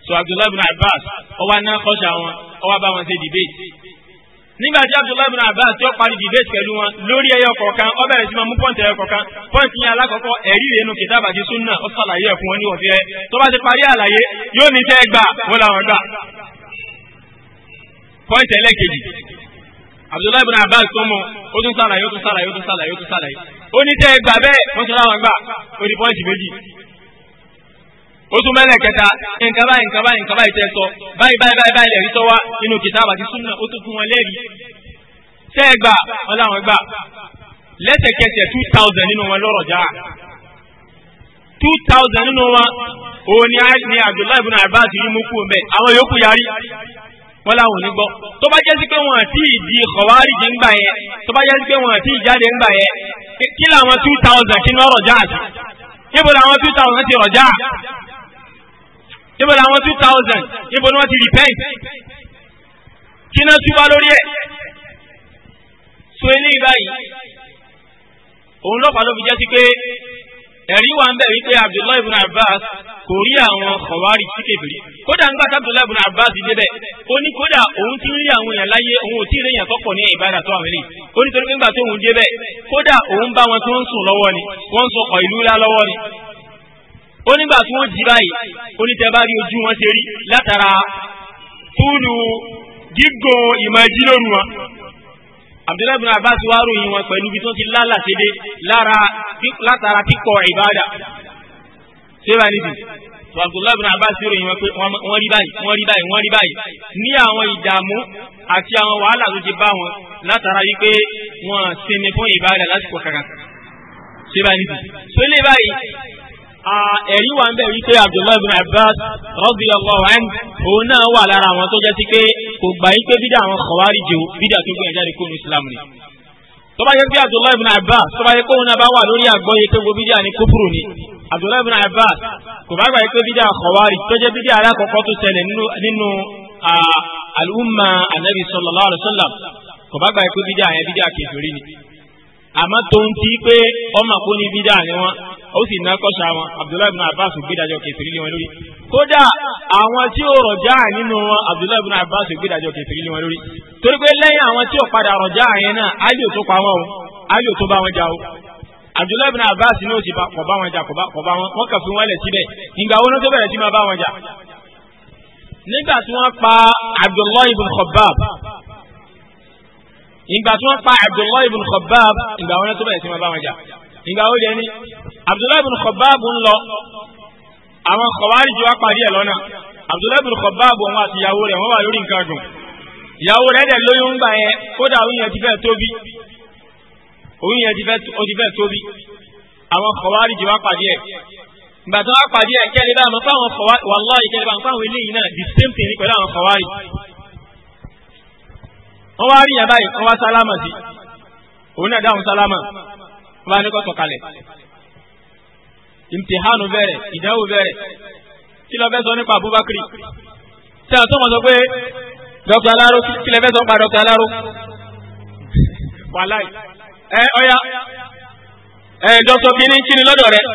so abdullahi bin abbas ọwọ́ aná kọ́ṣà wọn ọwọ́ bá ṣe debate nígbà tí abdullahi bin abbas yóò parí debate pẹ̀lú wọn lórí ẹyọ kọ̀ọ̀kan ó bẹ̀rẹ̀ sí máa mú pọ́ǹtì ẹyọ kọ̀ọ̀kan pọ́ǹtì yẹn alákọ̀ọ́kọ́ ẹ̀rí rẹ̀ nu kìtàbà àti sunna ó sàlàyé ẹ̀kún wọn ní wọ́n fi ẹ́ tó bá ti parí àlàyé yóò ní tẹ́ gbà wọ́n làwọn gbà. pọ́ǹtì ẹlẹ́kejì abdullahi bin abbas tó mọ ó tún sàlàyé ó tún sàlàyé ó tún sàlàyé ó tún sàlàyé ó ní tẹ́ gbà bẹ́ẹ̀ wọ́n tún láwọn gbà ó ní pọ́ǹtì méjì ó tún mẹ́lẹ̀ kẹta nǹkan báyìí nǹkan báyìí nǹkan báyìí tẹ́ sọ báyìí báyìí báyìí báyìí lẹ̀rí sọ wá nínú kìtàbà àti súnà ó tún fún wọn lẹ́rìí tẹ́ ẹ gbà ọláwọn gbà lẹ́sẹ̀kẹsẹ̀ two thousand nínú wọn lọ́rọ̀ já two thousand nínú wọn òun ni ni Abdullahi ibn Abbas yìí mú kú mbẹ àwọn yòókù yarí wọn làwọn ò ní gbọ́ tó bá jẹ́ sí pé wọn àti ìdí kọ̀wárì jẹ́ ńgbà yẹn tó bá jẹ́ sí pé wọn àti ìjáde ńgbà yẹn kí làwọn two thousand kí ní ọ̀rọ̀ já níbo làwọn two thousand ti rọ̀ já níbo làwọn two thousand níbo ni wọ́n ti repent kí náà túbá lórí ẹ̀ so eléyìí báyìí òun lọ́pàá ló fi jẹ́ sí pé ẹ̀rí wa ń bẹ̀ wípé Abdullahi ibn Abbas kò rí àwọn kọ̀wárì tí kébìrì kódà ń gbàtà Abdullahi ibn Abbas débẹ̀ ó ní kódà òun ti ń rí àwọn èèyàn láyé òun ò tí ì léyìn àkọ́kọ́ ní ìbára tó àwọn eléyìí ó nítorí pé ńgbà tó òun débẹ̀ kódà òun bá wọn tó ń sùn lọ́wọ́ ni wọ́n ń sọ ọ̀ ìlú ńlá lọ́wọ́ ni ó nígbà tí wọ́n jí báyìí ó ní tẹ́bá rí ojú wọn ṣe rí látara túlù gígò ìmọ̀-ẹjí lóru wọn Abdullahi bin Abbas wá ròyìn wọn pẹ̀lú ibi tó ti lálàṣedé látara kíkọ ìbádà ṣé bá níbi tó Abdullahi bin Abbas ròyìn wọn pé wọ́n rí báyìí wọ́n rí báyìí wọ́n rí báyìí ní àwọn ìdààmú àti àwọn wàhálà tó ti bá wọn látara wípé wọ́n sinmi fún ìbádà lásìkò kankan ṣé bá níbi tó lè báyìí ẹ̀rí wa ń bẹ̀ wípé Abdullahi bin Abbas radiyallahu anhu òun náà wà lára àwọn tó jẹ́ sí pé kò gbà yí pé bídà àwọn Khawarij o bídà tó gbìyànjú jáde kó Islam ni. tó bá pé Abdullahi Abbas tó bá jẹ́ náà bá wà lórí àgbọ́yé pé gbogbo bídà ni kúfùrù ni Abdullahi Abbas kò bá gbà yí pé bídà Khawarij tó jẹ́ bídà alákọ̀ọ́kọ́ tó tẹ̀lé nínú al-umma Annabi àmọ́ tó ń ti pé ọmọ kó ní bídà ni wọn ó sì ná kọ́ṣà wọn abdullahi ibn abbas gbẹdájọ kẹfìrí lé wọn lórí kódà àwọn tí ó rọjá nínú wọn abdullahi ibn abbas gbẹdájọ kẹfìrí lé wọn lórí torí pé lẹ́yìn àwọn tí ó padà rọjá yẹn náà alíò tó pa wọn o alíò tó bá wọn jà o abdullahi ibn abbas ní òsì kò bá wọn jà kò bá wọn wọn kà fún wọn lẹ síbẹ̀ ìgbà wo ló tó bẹ̀rẹ̀ sí máa bá wọn jà nígbà tí wọ́n pa abdullahi ibn khabbab ìgbà tí wọ́n pa abdullahi ibn khabbab ìgbà wọn tó bẹ̀rẹ̀ sí máa bá wọn jà ìgbà ó dẹni abdullahi ibn khabbab ń lọ àwọn khawarij wá pàdé ẹ̀ lọ́nà abdullahi ibn khabbab òun àti ìyàwó rẹ̀ wọ́n wà lórí nǹkan dùn ìyàwó rẹ̀ dẹ̀ lóyún ń gbà yẹn kódà òun yẹn ti fẹ́ tóbi òun yẹn ti fẹ́ tóbi àwọn khawarij wá pàdé ẹ̀ ìgbà tí wọ́n pàdé ẹ̀ kẹ́lẹ́ bá wọn fáwọn khawarij kẹ́lẹ́ bá wọn fáwọn wọ́n wá rí yàn báyìí wọ́n wá sálámà sí òun náà dáhùn sálámà wọ́n bá ní kó sọ̀kalẹ̀ imtihanu bẹ̀rẹ̀ ìdánwò bẹ̀rẹ̀ kí ló fẹ́ sọ nípa Abubakar tí a tó mọ̀ sọ pé Dr. Alaro kí ló fẹ́ sọ nípa Dr. Alaro wàláì ẹ ọ̀ya ẹ Dr. kìíní kìíní lọ́dọ̀ rẹ̀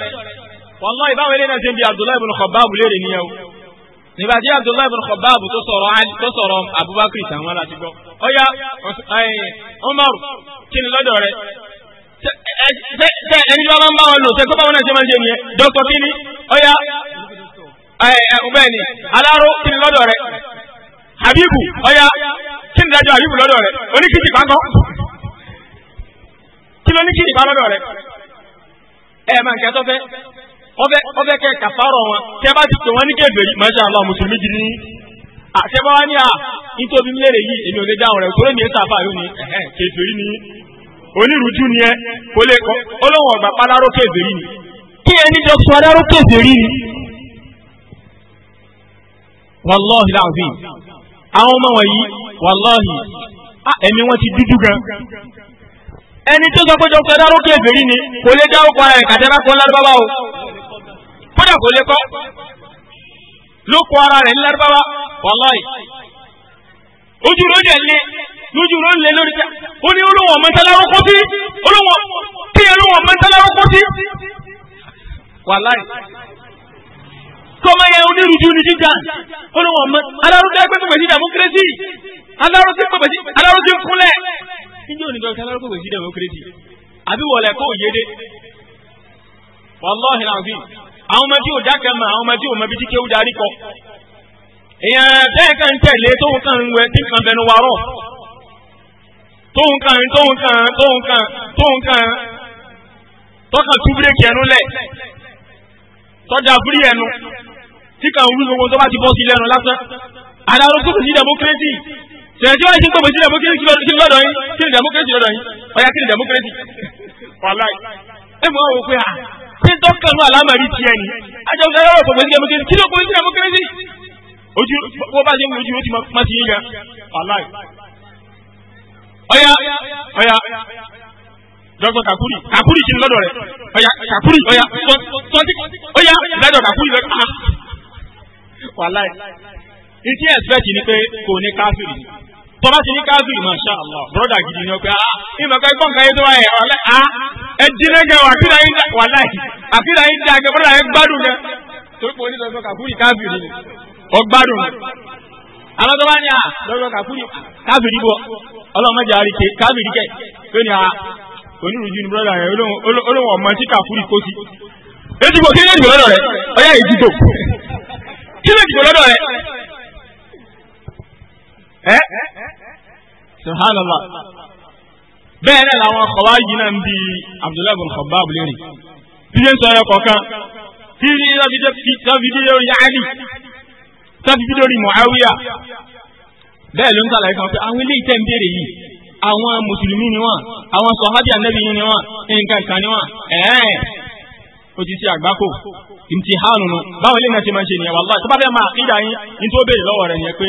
wàláì báwo ilé náà ṣe ń bi Abdullahi ibn Khabbab léèrè nìyẹn nígbà tí Abdullahi ibn Khabbab tó sọ̀rọ̀ Abubakar tàwọn láti gbọ́. ọya Umaru kí ni lọ́dọ̀ rẹ̀ tẹ ẹni tí wọ́n máa ń bá wọn lò tẹ báwọn náà ṣe máa ń ṣe nìyẹn dọ́kọ̀ kí ni ọ̀yá ọ̀bẹ́ni aláró kí ni lọ́dọ̀ rẹ̀ Habibu ọ̀yá kí ni dájọ́ Habibu lọ́dọ̀ rẹ̀ oníkìtì kí ló ní kí lọ́dọ̀ rẹ̀ ẹ máa ń kẹ́ kàfárọ̀ wọn bá ti wọ́n ní kéèdè yìí ṣe àlọ́ àṣẹbá a ní à nítorí léèrè yìí èmi ò lè dáhùn rẹ̀ kúrò ní ẹ̀ sáfà lónìí kètò yìí ni onírújú ni ẹ kò lè kọ́ ọlọ́wọ̀n ọ̀gbà padàró kéde rí ni. kí ẹni jọ sọ rí ni. wàlọ́ọ̀hì àwọn ọmọ wọ̀nyí wàlọ́ọ̀hì ẹ̀mí wọn ti dúdú gan. ẹni tó sọ pé jọ sọ rí ni lè ló kọ ara rẹ̀ nílárúbáwá wàláì ojú ló dẹ̀ lé lójú ló lé lórí ká ó ní olóhùn ọmọ ìtàlárókó sí olóhùn kí olóhùn ọmọ ìtàlárókó sí wàláì tọ́mọ yẹn onírúurú ní jíjà olóhùn ọmọ alárúdá ẹgbẹ́ pẹ̀pẹ̀ sí democracy alárúdá pẹ̀pẹ̀ sí alárúdá kúnlẹ̀ níjẹ́ òní lọ́ọ́ sí alárúdá pẹ̀pẹ̀ sí democracy àbí wọlé kó yéde wàláhìn àbí àwọn ọmọ tí ò dákẹ́ mọ̀ àwọn ọmọ tí ò mọ bí tíkẹ́ ó darí kọ. èèyàn tẹ́yìn kan tẹ̀lé tóun kan ń wẹ tí kan bẹnu wa rọ̀ tóun kan tóun kan tóun kan tóun kan tọ́kàn tú bírèkì ẹnu lẹ̀ tọ́jà bírí ẹnu tí kan wúlò gbogbo tó bá ti bọ́ sí lẹ́nu lásán. àdàlù tó kù sí democracy tẹ̀sí wáyé tí ń sí democracy lọ́dọ̀ yín kí ni democracy lọ́dọ̀ yín ọ̀yà kí ni democracy wàláì ẹ̀ mọ̀ ọ́ wò pé à ah, tí ń tọ́ka nù àlámàrí tiẹ̀ ni ajọ́sọ yọrọ sọ̀rọ̀ sí democracy kí ló kọ́ sí democracy ojú wọ́n bá ṣe ń ojú ó ti má ti yín ya wàláì. ọ̀ya ọ̀ya dọ́gbọ́n kakuri kakuri kì í lọ́dọ̀ rẹ̀ ọ̀ya kakuri ọ̀ya tọ́ntì ọ̀ya ìdájọ́ kakuri rẹ̀ wàláì. ìtí ẹ̀sìpẹ̀tì ni pé kò ní káfíìrì tọ́ba ti ní káfíìn masha ala broda gidi ni ó pé ah ìmọ̀ ká gbọ́n káyé tó wáyé ọ̀lẹ́ ah ẹ jiná gẹ wà kíra yín wà láì àkíra yín dá gẹ broda yẹn gbádùn gẹ torí pé onídọ̀tọ̀ kàfúrì káfíìn ni ọ gbádùn àwọn tó bá ní à lọ́dọ̀ kàfúrì káfíìn bọ̀ ọlọ́mọdé àríkè káfíìn kẹ tó ní ah, onírúurú ni broda yẹn olóhùn ọmọ eh subhanallah bẹ́ẹ̀ náà làwọn ọkọ̀wá yìí náà bi abdullahi bin khabbab lérè bíjẹ́ ń sọ ẹ̀yọ kọ̀ọ̀kan tí ní sáfìdí lórí ali sáfìdí muawiya bẹ́ẹ̀ ló ń sàlàyé kan pé àwọn ilé ìtẹ́ ń béèrè yìí àwọn mùsùlùmí ni wọn àwọn sọ̀hábì ànábì ni wọn nǹkan kan ni wọn ẹ̀ẹ́n ó ti ṣe àgbákò ìmùtí hánù nù báwo lè náà ṣe máa ń ṣe nìyẹn máa yín ní tó lọ́wọ́ rẹ̀ pé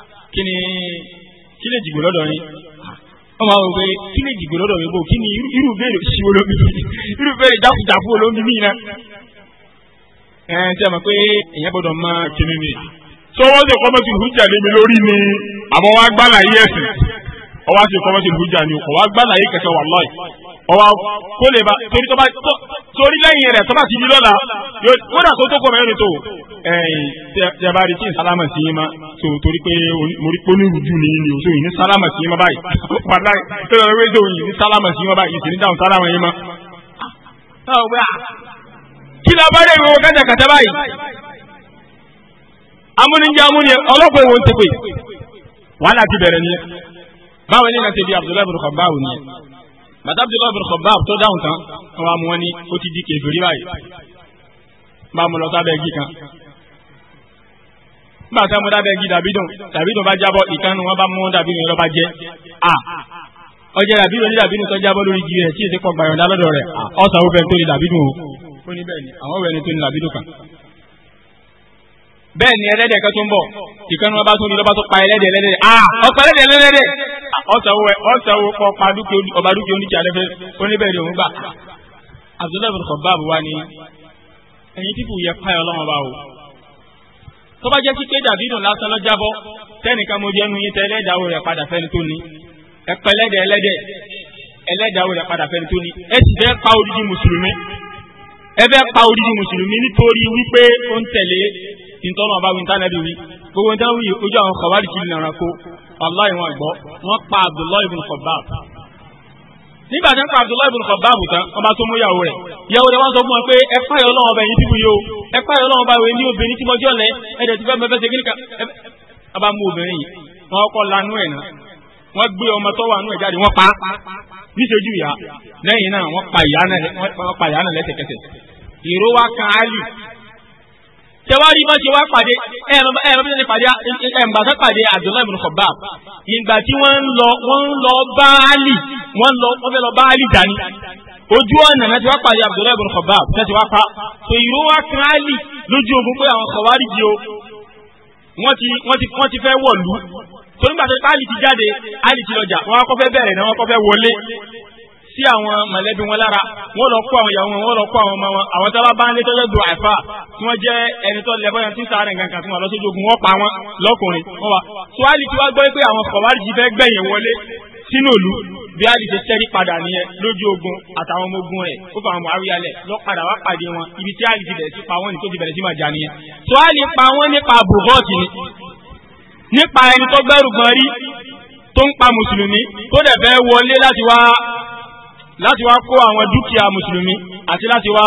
Kini kile kí lè jìgbò lọ́dọ̀ yín wọ́n máa wò pé kí lè jìgbò lọ́dọ̀ yín bò kí ni irú bẹ́ẹ̀ sí olómi irú bẹ́ẹ̀ jákujàku olómi mí náà ẹ ṣe mọ̀ pé èèyàn gbọ́dọ̀ ni. tó wọ́n ṣe kọ́mọ́tì mi lórí ni àmọ́ wá gbálà yí ẹ̀sìn ọwọ́ ni ọwọ́ gbálà yí kẹsàn ọwọ́ kó lè ba torí tó bá torí lẹ́yìn rẹ̀ tó bá ti di lọ́la kódà tó tó kọ̀ mẹ́rin tó ẹ̀yìn tí a bá rí tí sálámà sí yín ma tó torí pé mo rí pé onírúurú ni ni òṣèlú ní sálámà sí yín ma báyìí wàlá tó lọ wé tó yìí ní sálámà sí yín ma báyìí ìsìn ní dáhùn sálámà yín ma. Ah, ah, ah. kí la bá rẹ̀ wọ́n kájà kàtà báyìí amúnijẹ́ amúnijẹ́ ọlọ́pàá ìwọ̀n ti pè wàhálà ti bẹ̀rẹ̀ nìyẹn báwo ni bàtà Abdullahi bin Khabbab tó dáhùn tán àwọn amú wọn ni ó ti di kèfèrí báyìí bá mu lọ sábẹ́ igi kan bá sábẹ́ mu dábẹ́ igi dàbídùn dàbídùn bá jábọ́ ìkànnì wọn bá mú dàbídùn yẹn lọ́ba jẹ́ a ọjà dàbídùn ní dàbídùn tó jábọ́ lórí igi rẹ̀ tí èsì kọ gbàyàn dá lọ́dọ̀ rẹ̀ ọ̀sà ó bẹ́ẹ̀ tó ní dàbídùn o ó ní bẹ́ẹ̀ ni àwọn bẹ́ẹ̀ ni tó ní dàbídùn kan bẹ́ẹ̀ ni ẹlẹ́dẹ̀ kan tó ń bọ̀ ìkànnì wọn bá tó ní lọ́ba tó pa ẹlẹ́dẹ̀ ah! ẹlẹ́dẹ̀ ah ọ̀pá ẹlẹ́dẹ̀ ẹlẹ́dẹ̀ ọ̀sàwò ọ̀sàwò kọ́ pa ọba dúkìá oníjà lẹ́fẹ̀ẹ́ oníbẹ̀rẹ̀ òun gbà. Ah! Abdullahi bin Khabbab wa ni ẹ̀yin tí kò yẹ pa ẹ̀ ọlọ́wọ́n bá o. tó bá jẹ́ pípé dàbí dùn lásán lọ jábọ́ tẹ́nìkan mo jẹ́nu yín tẹ́ ẹlẹ́dàá rẹ̀ padà fẹ́ni tó ní ẹ̀pẹ́ ẹlẹ́dẹ̀ ẹlẹ́dẹ̀ ẹlẹ́dàá rẹ̀ padà fẹ́ni tó ní ẹ sì fẹ́ pa odidi mùsùlùmí ẹ fẹ́ pa odidi mùsùlùmí nítorí wípé ó ń tẹ̀lé ntọ́nà ọba wí ntánẹ́bí wí gbogbo ntánẹ́bí wí ojú àwọn kọ̀wárì kiri nàrà kó aláì wọn gbọ́ wọn pa Abdullahi ibn Khabbab nígbà tí wọn pa Abdullahi ibn Khabbab tán ọba tó mú yàwó rẹ̀ yàwó rẹ̀ wọn sọ fún wọn pé ẹ fáyọ Ọlọ́run ọba yìí dìbò yìí o ẹ fáyọ Ọlọ́run ọba yìí ní obìnrin tí mo jọ lẹ ẹ dẹ̀ ti fẹ́ mẹ́fẹ́ segin ká ìró wa kan Àlì tẹwárí bá ṣe wá pàdé ẹ̀rọ bí pàdé ẹ̀mbàtà pàdé Abdullahi ibn Khabbab ìgbà tí wọ́n ń lọ wọ́n ń lọ báálì wọ́n lọ wọ́n fẹ́ lọ báálì dání ojú ọ̀nà náà ti wá pàdé Abdullahi ibn Khabbab náà ti wá pa tó ìró wá kan lójú ogun pé àwọn kọ̀wárí di o wọ́n ti wọ́n ti wọ́n ti fẹ́ wọ̀lú tó nígbà tó pàálì ti jáde áàlì ti lọ jà wọ́n kọ́ fẹ́ bẹ̀rẹ̀ náà wọ́n kọ́ fẹ́ wọlé sí àwọn mọ̀lẹ́bí wọn lára wọ́n lọ kó àwọn ìyàwó wọn wọ́n lọ kó àwọn ọmọ wọn àwọn tábà bá ń lé tọ́jọ́ dùn àìfà tí wọ́n jẹ́ ẹni tó lẹ́bọ̀ yẹn tí ń sáré nǹkan kan tí wọ́n lọ sójú ogun wọ́n pa wọn lọ́kùnrin wọ́n wa. tó wá ní kí wá gbọ́ pé àwọn kọ̀wárìjì fẹ́ gbẹ̀yìn wọlé sínú òlu bí a lè ṣe ṣẹ́rí padà nìyẹn lójú ogun àtàwọn ọmọ ogun rẹ̀ ó fa àwọn àríyá lẹ̀ lọ padà wá pàdé wọn ibi tí a lè ti bẹ̀rẹ̀ sí pa wọ́n ní tó ti bẹ̀rẹ̀ sí máa jà nìyẹn. tó a lè pa wọ́n nípa bùrọ́ọ̀tì ni nípa ẹni tó gbẹ́rù gan rí tó ń pa mùsùlùmí tó dẹ̀ fẹ́ wọlé láti wá láti wá kó àwọn dúkìá mùsùlùmí àti láti wá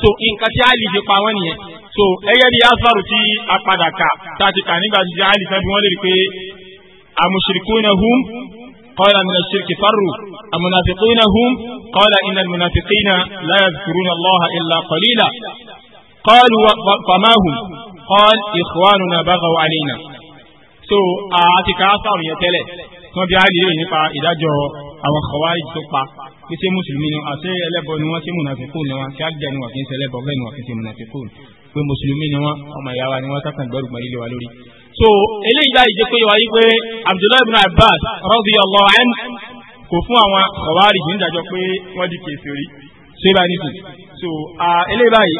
so nǹkan tí àìlì fi pa wọ́n nìyẹn so ẹgẹ́ bí asfaru ti apadà kà tá a ti kà nígbà tí àìlì fẹ́ bí wọ́n lè rí pé àmùsùlùkúnà hum qala min ash-shirki farru àmùnàfiqúnà hum qala inna al-munafiqina la yadhkuruna Allaha illa qalila qalu fama hum qala ikhwanuna baghaw alayna so àti kà asfaru yẹn tẹ́lẹ̀ wọ́n bí àìlì yẹn nípa ìdájọ́ àwọn kọ̀wáì tó pa kí ṣe mùsùlùmí ni àti ẹlẹ́bọ ni wọ́n ṣe mùnàfíkùn ni wọ́n ṣe àgbẹ̀ ni wọ́n kì í ṣe ẹlẹ́bọ bẹ́ẹ̀ ni wọ́n kì í ṣe mùnàfíkùn pé mùsùlùmí ni wọ́n ọmọ ìyá wa ni wọ́n sákàn gbọ́dọ̀ gbọ́dọ̀ ilé wa lórí. so eléyìí láì jẹ́ pé wà yí pé Abdullahi ibn Abbas radiyallahu anhu kò fún àwọn kọ̀wáì yìí ń dájọ́ pé wọ́n di kèfèrí ṣé bá ní sùn so eléyìí báyìí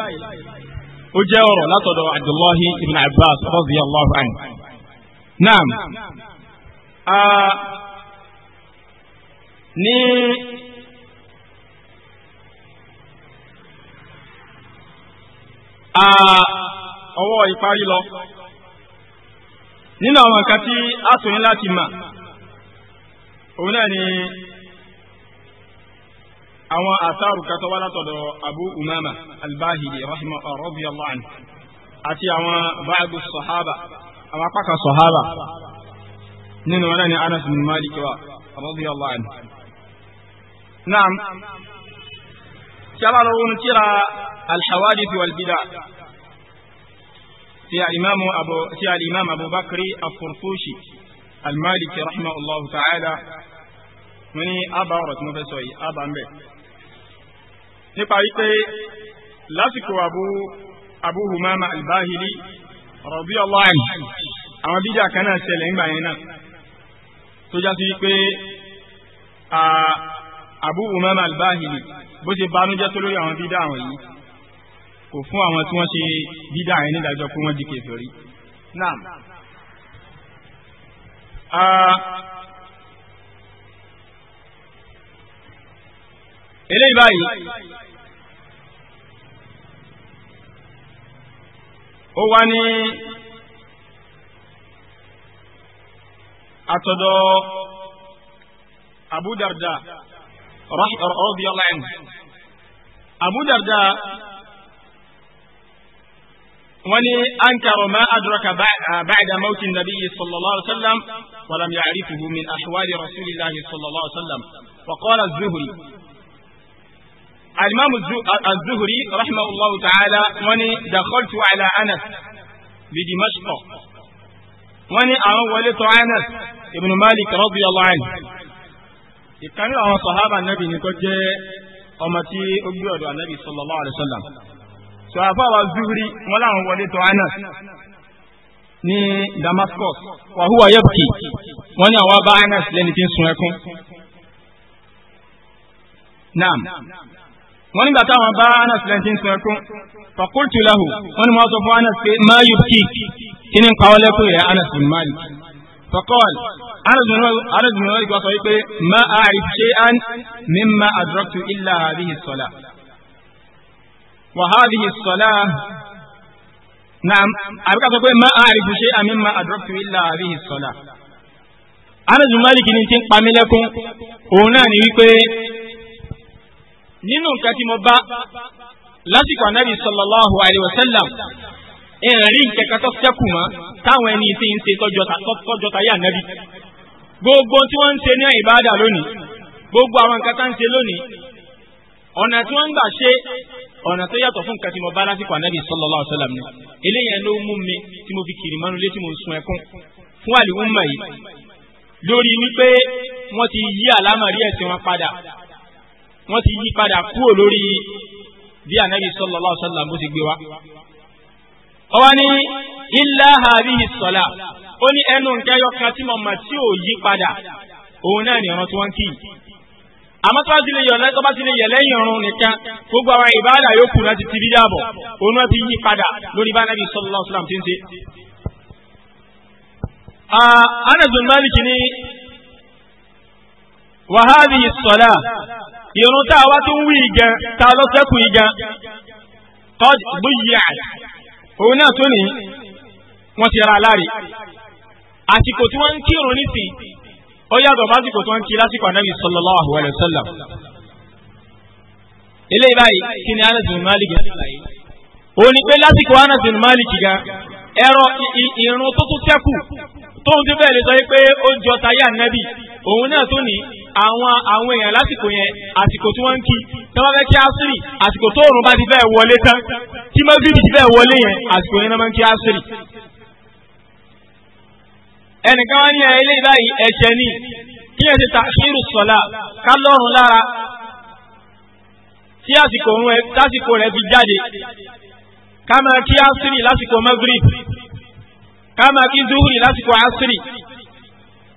ó jẹ́ ọ̀rọ̀ látọ̀dọ̀ Abdullahi ibn Abbas radiyallahu anhu ní ọwọ́ ìparí lọ nínú àwọn nǹkan tí a tún ní láti mà òun náà ni àwọn àtàrù kan tó wá látọ̀dọ̀ Abu Umama Al-Bahili rahima radiyallahu anhu àti àwọn báàgù sọ̀hábà àwọn apákan sọ̀hábà nínú wọn náà ni Anas bin Malik wa radiyallahu anhu naam sábàlọ́ wọn tíra alḥawadith walbida ti alimami abu ti alimami abubakari afurfushi almaliki rahimahullahu ta'ala wọn ni aba ọ̀rọ̀ tí mo fẹ́ sọ yìí aba ń bẹ nípa wípé lásìkò abu abu humama albahili radiyallahu anhu àwọn bídíà kan náà ṣẹlẹ̀ ńgbà yẹn náà tó já sí wípé Abu Umama al-Bahili bó ṣe banújẹ́ tó lórí àwọn bídà àwọn yìí kò fún àwọn tí wọ́n ṣe bídà yẹn nídàjọ́ pé wọ́n di kèfèrí. eléyìí báyìí ó wá ní àtọ̀dọ̀ Abu رضي الله عنه أبو درداء وني أنكر ما أدرك بعد موت النبي صلى الله عليه وسلم ولم يعرفه من أحوال رسول الله صلى الله عليه وسلم وقال الزهري الإمام الزهري رحمه الله تعالى وني دخلت على أنس بدمشق وني أولت أنس ابن مالك رضي الله عنه ìkànnì àwọn sọ̀hábà nẹ́bì ni tó jẹ́ ọmọ tí ó gbé ọ̀dọ̀ ànẹ́bì sallallahu alaihi wasallam sọ àfáwà zúrí wọn láwọn wọlé tó anas ní Damascus wàhúwà yabki wọn ní àwọn bá anas lẹ́ni tí ń sun ẹkún naam wọn nígbà táwọn bá anas lẹ́ni tí ń sun ẹkún lahu wọn ni wọn sọ fún anas pé ma kí arẹ́dùnmọ́ ìgbà sọ wípé ma a ṣe an mímá adraktu illa hadhihi sọ́lá wa hadhihi sọ́lá na àbíká sọ pé ma a ṣe an mímá adraktu illa hadhihi sọ́lá arẹ́dùnmọ́ ìgbà ní ti ń pamí lẹ́kún òun náà ni wípé nínú nǹkan tí mo bá lásìkò ànábì sallallahu alaihi wasallam ìrìn kẹkẹ tó sẹ́kù mọ́ táwọn ẹni tí ń ṣe tọ́jọ́ta yà ànábì gbogbo tí wọ́n ń ṣe ní ìbáàdà lónìí gbogbo àwọn nǹkan tá ń ṣe lónìí ọ̀nà tí wọ́n ń gbà ṣe ọ̀nà tó yàtọ̀ fún nǹkan tí mo bá lásìkò ànábì sallallahu alaihi wasallam ni eléyìí ló mú mi tí mo fi kiri mọ́nu létí mo sun ẹkún fún àlùwọ́n mọ̀ yìí lórí wípé wọ́n ti yí àlámọ̀rí ẹ̀sìn wọn padà wọ́n ti yí padà kúrò lórí bí ànábì sallallahu alaihi wasallam bó ti gbé wa. ọwọ́ ni illa hadhihi salat ó ní ẹnu nǹkan ẹyọ kan tí mo mọ̀ tí ò yí padà òun náà ní ọ̀ràn tí wọ́n ń kí yìí àmọ́ tó bá ti lè yọ̀ lẹ́tọ́ bá ti lè yẹ̀ lẹ́yìn ọ̀run nìkan gbogbo àwọn ìbáàdà yòókù náà ti ti bí dáàbọ̀ òun náà ti yí padà lórí bá nàbí sallallahu alaihi wasallam ti ń ṣe. anazun malik ni wàhálì sọ̀lá ìrún tá a wá tó ń wí igan tá a lọ sẹ́kù òun náà tó ní wọ́n ti ra láre àsìkò tí wọ́n ń kírun nísìn ó yàtọ̀ básìkò tí wọ́n ń kí lásìkò ànábì sallallahu alaihi wasallam. eléyìí báyìí kí ni Anas bin Malik ṣàlàyé. ó ní pé lásìkò Anas bin Malik gan ẹ̀rọ ìrun tó tún sẹ́kù tóun ti bẹ́ẹ̀ lè sọ pé ó jọ táyà ànábì òun náà tó ní àwọn àwọn èèyàn lásìkò yẹn àsìkò tí wọ́n ń kí tọ́wọ́ fẹ́ kí asiri àsìkò tóòrùn bá ti fẹ́ wọlé tán tí mọ́gìrì ti fẹ́ wọlé yẹn àsìkò yẹn náà máa ń kí asiri ẹnìkan wá ní ilé báyìí ẹ̀ṣẹ̀ ni kí ẹ ti ta ṣírù sọ̀la ká lọ́rùn lára tí àsìkò rẹ̀ fi jáde ká máa kí asiri lásìkò magrib ká máa kí zuhuri lásìkò asiri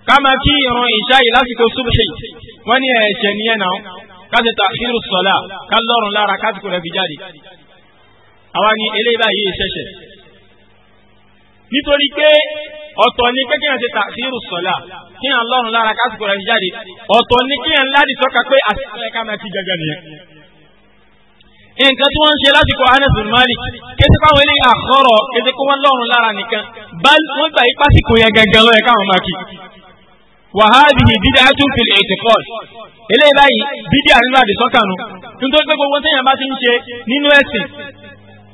ká máa kí ìrun ìṣáyì lásìkò subhi wọ́n ní ẹ̀ṣẹ̀ nìyẹn náà ká ti ta ṣírù sọ̀la ká lọ́rùn lára kásìkò rẹ̀ fi jáde àwa ni eléyìí báyìí ṣẹ̀ṣẹ̀ nítorí pé ọ̀tọ̀ ni pé kéèyàn ṣe tàṣírù sọ̀lá kéèyàn lọ́rùn lára kásìkò rẹ̀ jáde ọ̀tọ̀ ni kéèyàn sọ́ka pé àṣìṣe ká máa ti gẹ́gẹ́ nìyẹn. nǹkan tí wọ́n ń ṣe lásìkò Anas bin kété káwọn ilé àkọ́rọ̀ kété kó wọ́n lọ́rùn lára nìkan wọ́n gbà yípa sìkò yẹn gẹ́gẹ́ lọ́yẹ̀ káwọn máa kí. wàhálì bídí atún eléyìí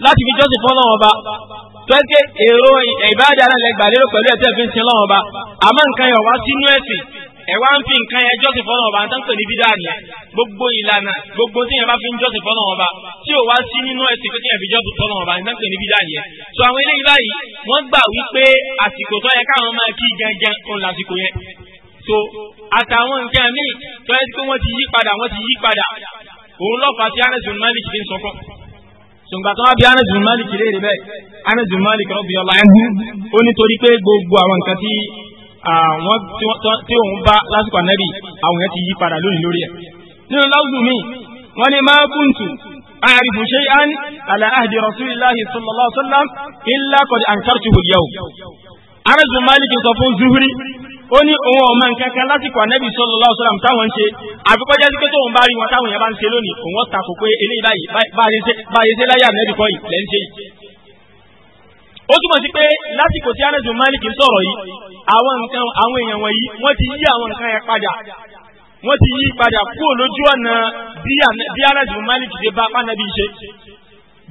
báyìí twenty èrò ìbáàdà náà lẹ́gbàá lérò pẹ̀lú ẹ̀tẹ́ fi ń sin lọ́wọ́ ba àmọ́ nǹkan yẹn wá sínú ẹ̀sìn ẹ̀wá ń fi nǹkan yẹn jọ́sìn fọ́nà ọba àti àǹtọ̀ ní bídà nìyẹn gbogbo ìlànà gbogbo tí yẹn bá fi ń jọ́sìn fọ́nà ọba tí ò wá sí nínú ẹ̀sìn pé tí yẹn fi jọ́sìn fọ́nà ọba àti àǹtọ̀ ní bídà nìyẹn. sọ àwọn eléyìí báyìí wọ́n gbà wípé àsìkò tó yẹ káwọn máa kí gangan kan lásìkò yẹn. so àtàwọn nǹkan míì tó yẹ kí wọ́n ti yí padà wọ́n ti yí padà òun lọ́fà ṣùgbọ́n tó wá bí Anas bin Malik léèrè bẹ́ẹ̀ Anas bin Malik radiyallahu anhu ó nítorí pé gbogbo àwọn nǹkan tí àwọn tí òun bá lásìkò ànábì àwọn yẹn ti yí padà lónìí lórí ẹ̀. nínú láwùjọ mi wọ́n ní ma kuntu a'rifu shay'an ala ahdi rasulillahi sallallahu alaihi wasallam illa qad ankartuhu al-yawm. Anas bin Malik sọ fún Zuhri ó ní òun ọmọ nǹkan kan lásìkò ànẹ́bì sallallahu alaihi wasallam táwọn ń ṣe àfikọ́jẹ́ sí pé tóun bá rí wọn táwọn yẹn bá ń ṣe lónìí òun ó takò pé eléyìí báyìí báyìí ṣe láyé ànẹ́bì kọ́ yìí lẹ́ ń ṣe yìí. ó túmọ̀ sí pé lásìkò tí Anas bin Malik sọ̀rọ̀ yìí àwọn nǹkan àwọn èèyàn wọ̀nyí wọ́n ti yí àwọn nǹkan yẹn padà wọ́n ti yí padà kúrò lójú ọ̀nà bí Anas Malik ṣe bá pànẹ́bì ṣe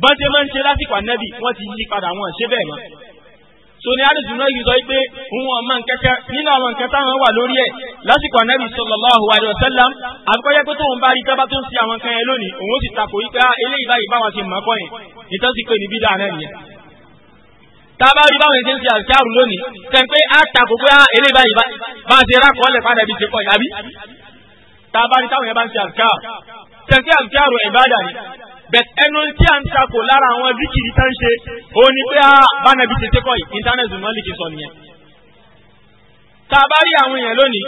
bọ́n ṣe máa ń ṣe lásìkò ànẹ́bì wọ́n ti yí padà wọn ṣe bẹ́ẹ̀ mọ́ so ní alẹ́ jùlọ yìí sọ pé òun ọmọ nkẹ́kẹ́ nínú àwọn nǹkan táwọn wà lórí ẹ̀ lásìkò anabi sallallahu alaihi wasallam àbúkọ́yẹ́ pé tóun bá rí tábà tó ń ṣe àwọn kan yẹn lónìí òun ó sì takò yí ah, eléyìí báyìí báwọn ṣe mọ̀ọ́kọ́ yẹn nítorí sì pé níbí dáa náà nìyẹn. tábà rí báwọn ṣe ń ṣe àṣàrù lónìí tẹ̀ pé á takò pé ah, eléyìí báyìí bá ṣe rákọ̀ọ́lẹ̀ bẹ̀t ẹnu tí a ń takò lára àwọn zikiri tá ń ṣe ó ní pé bánabi ti tẹ́kọ̀ yìí íńtánẹ́ẹ̀tì mọ́lìkì sọ nìyẹn. tá a bá rí àwọn èèyàn lónìí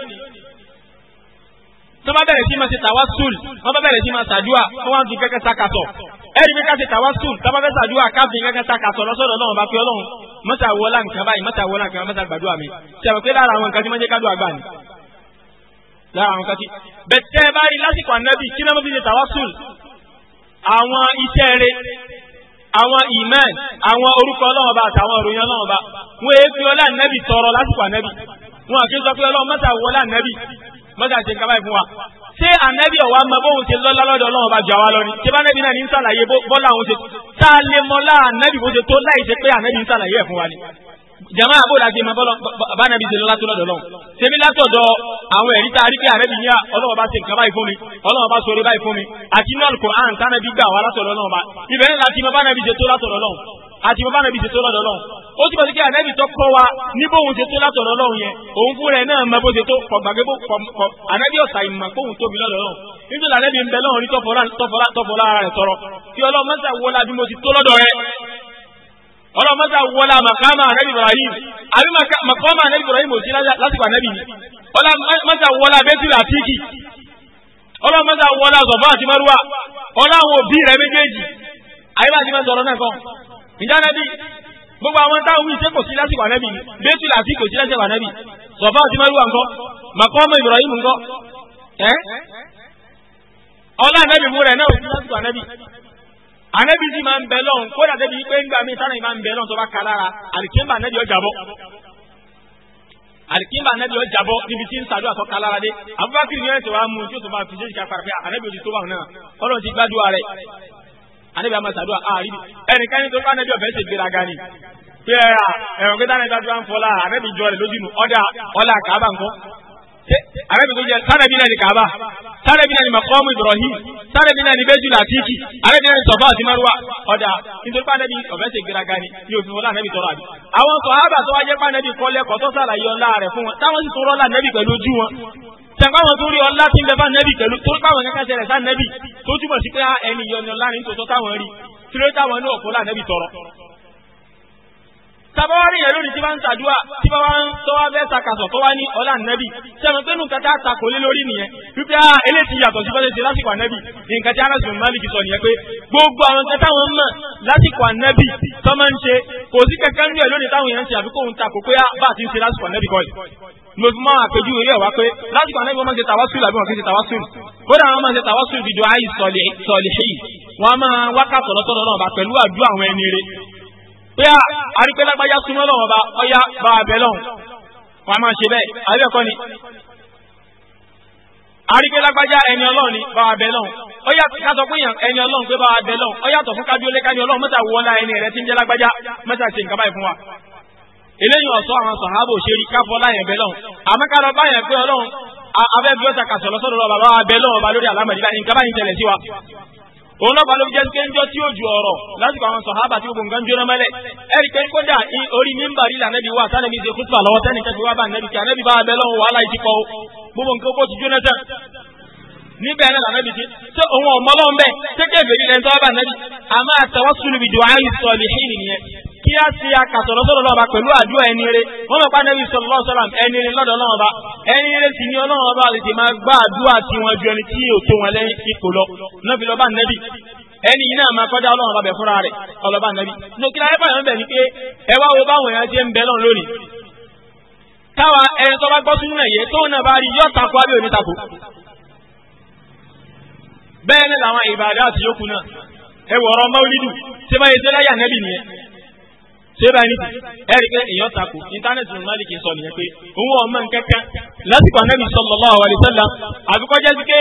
tó bá bẹ̀rẹ̀ sí máa ṣe tàwásùl wọ́n bá bẹ̀rẹ̀ sí máa ṣàdúà tó wá ń fi kẹ́kẹ́ takasọ̀ ẹ̀rí pé ká ṣe tàwásùl tó bá fẹ́ ṣàdúà ká fi kẹ́kẹ́ takasọ̀ lọ́sọ̀dọ̀ náà bá fi ọlọ́run mọ́tà wọlá nǹkan báyìí mọ́tà wọlá nǹkan mọ́tà gbàdúrà mi ṣe àwọn pé lára àwọn nǹkan tí wọ́n jẹ́ kádùn àgbà ni. lára àwọn kan tí bẹ̀tẹ́ bá rí lásìkò àwọn iṣẹ́ rẹ̀ àwọn iman àwọn orúkọ ọlọ́wọ́n bá àtàwọn òròyìn ọlọ́wọ́n bá wọ́n èé fi ọlá nẹ́bì tọrọ lásìkò ànẹ́bì wọn àti sọ pé ọlọ́wọ́n mẹ́ta wọlá ànẹ́bì mẹ́ta ṣe kábàá ìfún wa ṣé ànẹ́bì ọ̀wá mọ bóun ṣe lọ́lá lọ́dọ̀ ọlọ́wọ́n bá jà wá lọ ni ṣé bánẹ́bì náà ní ń sàlàyé bọ́lá òun ṣe tá a lè mọ lá ànẹ́bì bó ṣe tó láì ṣe pé ànẹ́bì ń sàlàyé ẹ̀ wa ni jàmáà àbúrò àti ìmọ̀ bánẹ́bì ṣe lọ́lá tó lọ́dọ̀ ọlọ́wọ́n ṣebí látọ̀dọ̀ àwọn ẹ̀rí tá a rí pé àrẹ́bí ní ọlọ́wọ́ bá ṣe nǹkan báyìí fún mi ọlọ́wọ́ bá sọ̀rọ̀ báyìí fún mi àti inú Al-Qur'an tánàbí gbà wá látọ̀dọ̀ náà bá ibẹ̀ ní láti mọ́bá nàbí ṣe tó látọ̀dọ̀ náà àti mọ́bá nàbí ṣe tó látọ̀dọ̀ náà ó túbọ̀ sí pé àrẹ́bí tó kọ́ wa ní bóun ṣe tó látọ̀dọ̀ náà yẹn òun fúnra ẹ̀ náà mọ bó ṣe tó kọ̀gbàgbé àrẹ́bí ọ̀sà ìmọ̀ kóhun tóbi lọ́dọ̀ náà nítorí àrẹ́bí ń bẹ lọ́run ní tọ́fọ́lá ara rẹ̀ tọrọ mo ti tó ọlọ́run mọ́tà wọlá màkàmà ànábì Ibrahim àbí màkàmà ànábì Ibrahim òsì lásìkò ànábì ni ọlọ́run mọ́tà wọlá bẹ́tìrì àtìkì ọlọ́run mọ́tà wọlá zọ̀fọ́ àti márùwà ọlọ́run òbí rẹ̀ méjèèjì àyíbá ti máa sọ̀rọ̀ náà kan ìjà ànábì gbogbo àwọn táwọn wíṣẹ́ kò sí lásìkò ànábì bẹ́tìrì àtìkì kò sí lásìkò ànábì zọ̀fọ́ àti márùwà ńkọ́ màkàmà Ibrahim ńkọ́ ọlọ́run ànábì mú rẹ̀ náà òsì lásìkò ànábì anabi sì máa ń bẹ lọ́hùn kódà débi pé ńgbà mi sáré máa ń bẹ lọ́hùn tó bá kalára àlìkínbà anabi ọjà bọ́ àlìkínbà anabi ọjà bọ́ níbi tí ń sàdúrà tó kalára dé abubakar ní ẹsẹ̀ wàá mú un tí ó tó máa fi ṣe ìka fara pé anabi òdi tó wà náà ọlọ́run ti gbádùn rẹ̀ anabi àmà sàdúrà àárí ẹnìkan tó bá anabi ọ̀fẹ́ ṣe gbéraga ni pé ẹ̀rọ kí arabi tó jẹ sárẹbi náà ni kaaba sárẹbi náà ni makọọmu ibrahim sárẹbi náà ni bẹjú làtíkì arabi náà ni sọfọ àti maruwa ọdà nítorí pàdébí ọbẹ ti giraga ni ní òfin fọlá nẹbi tọrọ àbí. àwọn sọhábà tó wájẹ pàdébí kọlẹ kọtọ sàlàyé ọlá rẹ fún wọn táwọn sì tó rọlá nẹbi pẹ̀lú ojú wọn. sẹ̀kọ́ àwọn tó rí ọlá tí ń bẹ bá nẹbi pẹ̀lú tó káwọn kankan ṣẹlẹ̀ sá nẹbi tó túbọ̀ sí pé ah, ẹni yọ tabawari yẹn lónìí tí bá ń ṣàdúrà tí bá ń tọ́wá bẹ́ẹ̀ sakasọ̀ tọ́wá ní ọlá nẹ́bì sẹ́mi pé nù kẹta takò lé lórí nìyẹn wípé a ah, eléyìí yàtọ̀ sí fẹ́ẹ́ ṣe lásìkò ànẹ́bì nǹkan tí Anas bin Malik sọ nìyẹn pé gbogbo àwọn kẹta wọn mọ̀ lásìkò ànẹ́bì tó máa ń ṣe kò sí kẹkẹ́ nínú ẹ̀ lónìí táwọn yẹn ń ṣe àfikún òun takò pé ah, bá a ti ń ṣe lásìkò ànẹ́bì kọ́ mo fi máa àpèjú ìwé ẹ̀wá pé lásìkò àná ìwọ́n máa ń ṣe tàwásùlù àbí wọ́n kì í ṣe tàwásùlù kódà wọ́n máa ń ṣe tàwásùlù bíi pé àrípé lágbájá súnmọ́ lọ́wọ́ bá ọyá bá abẹ lọ́hùn wọn a máa ṣe bẹ́ẹ̀ àbẹ́ kọ́ ni àrípé lágbájá ẹni ọlọ́run ni bá abẹ lọ́hùn ọyá kátó pé yàn ẹni ọlọ́run pé bá abẹ lọ́hùn ọyá tọ̀ fún kábíọ́lé ká ní ọlọ́run mẹ́ta wọlá ẹni rẹ ti ń jẹ́ lágbájá mẹ́ta ṣe nǹkan báyìí fún wa eléyìí ọ̀sọ́ àwọn sàhábò ṣe rí káfọ́ láyẹn bẹ́ lọ́hùn òun náà balógun jẹ́ pé ń jọ tí ó ju ọ̀rọ̀ lásìkò àwọn sọ̀hábà tí gbogbo nǹkan jóná mẹ́lẹ̀ ẹ̀rí pé kódà orí mímbàrí lànàbí wà sànàbí ṣe kútùbà lọ́wọ́ tẹ́nìkan fi wá bá nàbí kí ànàbí bá abẹ́ lọ́wọ́ wàhálà ìdíkọ́ gbogbo nǹkan kó ti jóná tán níbẹ̀ náà lànàbí tí a ṣe akàtọ̀rọ̀ sọ̀rọ̀ lọ́ba pẹ̀lú àdúrà ẹni rẹ wọ́n mọ̀ pàdébí sọ̀rọ̀ sọ̀rọ̀ ẹni rẹ lọ́dọ̀ ọlọ́run ọba ẹni rẹ sì ni ọlọ́run ọba lè ti máa gbá àdúrà tí wọ́n ju ẹni tí yóò tó wọn lẹ́yìn ipò lọ náà fi lọ́ba nẹ́bì ẹni yìí náà máa kọjá ọlọ́run ọba bẹ̀ fúnra rẹ̀ ọlọ́ba nẹ́bì nùkìlá ẹ̀fọ́ yẹn bẹ̀ ni pé ẹ wá wo báwọn èèyàn ti ń bẹ lọ́run lónìí táwa ẹni tó bá gbọ́ sínú náà yẹ tóun náà ni wọ̀rọ̀ máwùlídù ṣé báyìí ṣe láyà nìyẹn ṣé báyìí ní ẹ̀rí pé èèyàn takò íńtánẹ́ẹ̀tì ní malik sọ nìyẹn pé òun ọmọ nkankan lásìkò anábì sallallahu alaihi wasallam àbíkọ́jẹ́ sí pé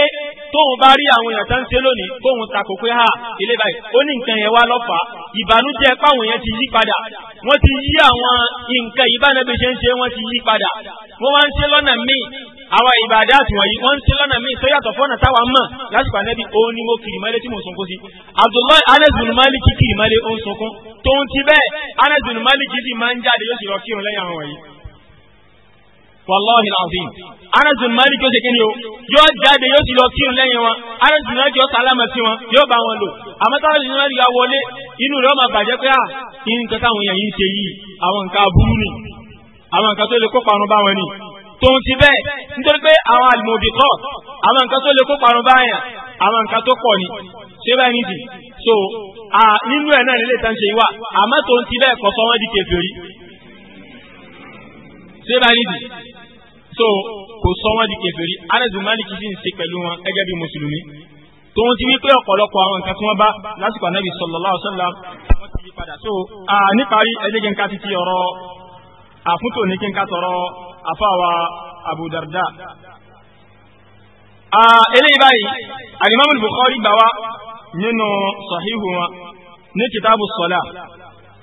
tóun bá rí àwọn èèyàn tó ń ṣe lónìí kóun takò pé ha ilé báyìí ó ní nǹkan yẹn wá lọ́fà ìbànújẹ́ páwọn yẹn ti yí padà wọ́n ti yí àwọn nǹkan ìbánẹ́bí ṣe ń ṣe wọ́n ti yí padà wọ́n wá ń ṣe lọ́nà míì àwọn ìbàdá àti wọ̀nyí wọ́n ń ṣe lọ́nà míì tó yàtọ̀ fọ́nà táwa mọ̀ lásìkò ànẹ́bí òun ni mo kiri mọ́lẹ̀ tí mo sunkún sí. Abdullahi Anas bin Malik kiri mọ́lẹ̀ ó ń sunkún tó ń ti bẹ́ẹ̀ Anas bin Malik sì máa ń jáde yóò sì lọ kírun lẹ́yìn àwọn wọ̀nyí. Wallahi al-azim. Anas bin Malik yóò ṣe kíni o yóò jáde yóò sì lọ kírun lẹ́yìn wọn Anas bin Malik sálámà sí wọn yóò bá wọn lò àmọ́ táwọn Anas bin tòun ti bẹ́ẹ̀ nítorí pé àwọn àlùmọ̀bìkọ́ àwọn nǹkan tó lè kó parun báyà àwọn nǹkan tó pọ̀ ni ṣé báyìí nìdí so nínú ẹ̀ náà nílé ìtàn ṣe wà àmọ́ tòun ti bẹ́ẹ̀ kọ́ sọ wọ́n di kèfèrí ṣé báyìí nìdí so kò sọ wọ́n di kèfèrí arẹ́zùmánì kìí ṣe pẹ̀lú wọn gẹ́gẹ́ bí mùsùlùmí tòun ti wípé ọ̀pọ̀lọpọ̀ àwọn nǹkan tí wọ́n bá lásìkò ànábì sallallahu so níparí ẹ̀jẹ̀ kí n ká ti ti ọ̀rọ̀ àfúntò ní kí n ká àfàwà Abu Darda. eléyìí báyìí alimami Bukhari gbà wá nínú sahihu wọn ní kitabu sọlá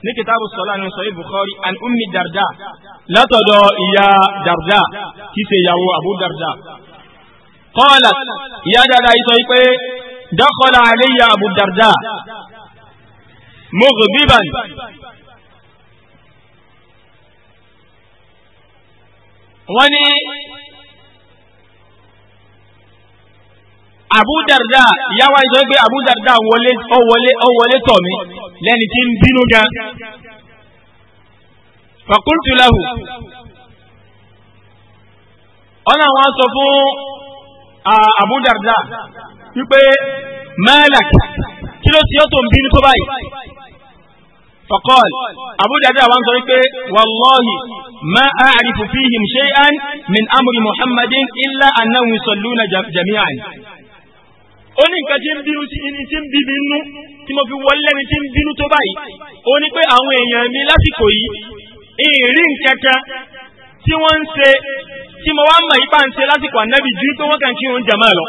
ní kitabu sọlá nínú sahihu Bukhari an ummi Darda látọ̀dọ̀ ìyá Darda kìí ṣe ìyàwó Abu Darda. قالت يا دادا يسويبي دخل علي أبو الدرداء مغضبا wọ́n ní Abu Darda ìyáwó àìsàn pé Abu Darda wọlé ọwọlé ọwọlé tọ̀ mí lẹ́ni tí ń bínú gan. Fakultu lahu. Ọ̀nà àwọn sọ fún Abu Darda wípé Malak kí ló ti ọ́ tó ń bínú tó báyìí. فقال أبو درداء وان والله ما أعرف فيهم شيئا من أمر محمد إلا أنهم يصلون جميعا ó ní nǹkan tí ń bínú tí ń bí mi nú tí mo fi wọlé ni tí ń bínú tó báyìí ó ní pé àwọn èèyàn mi lásìkò yìí ìrí nǹkan kan tí wọ́n ń ṣe tí mo wá mọ̀ yípa ń ṣe lásìkò ànábì ju pé wọ́n kàn kí òun jàmá lọ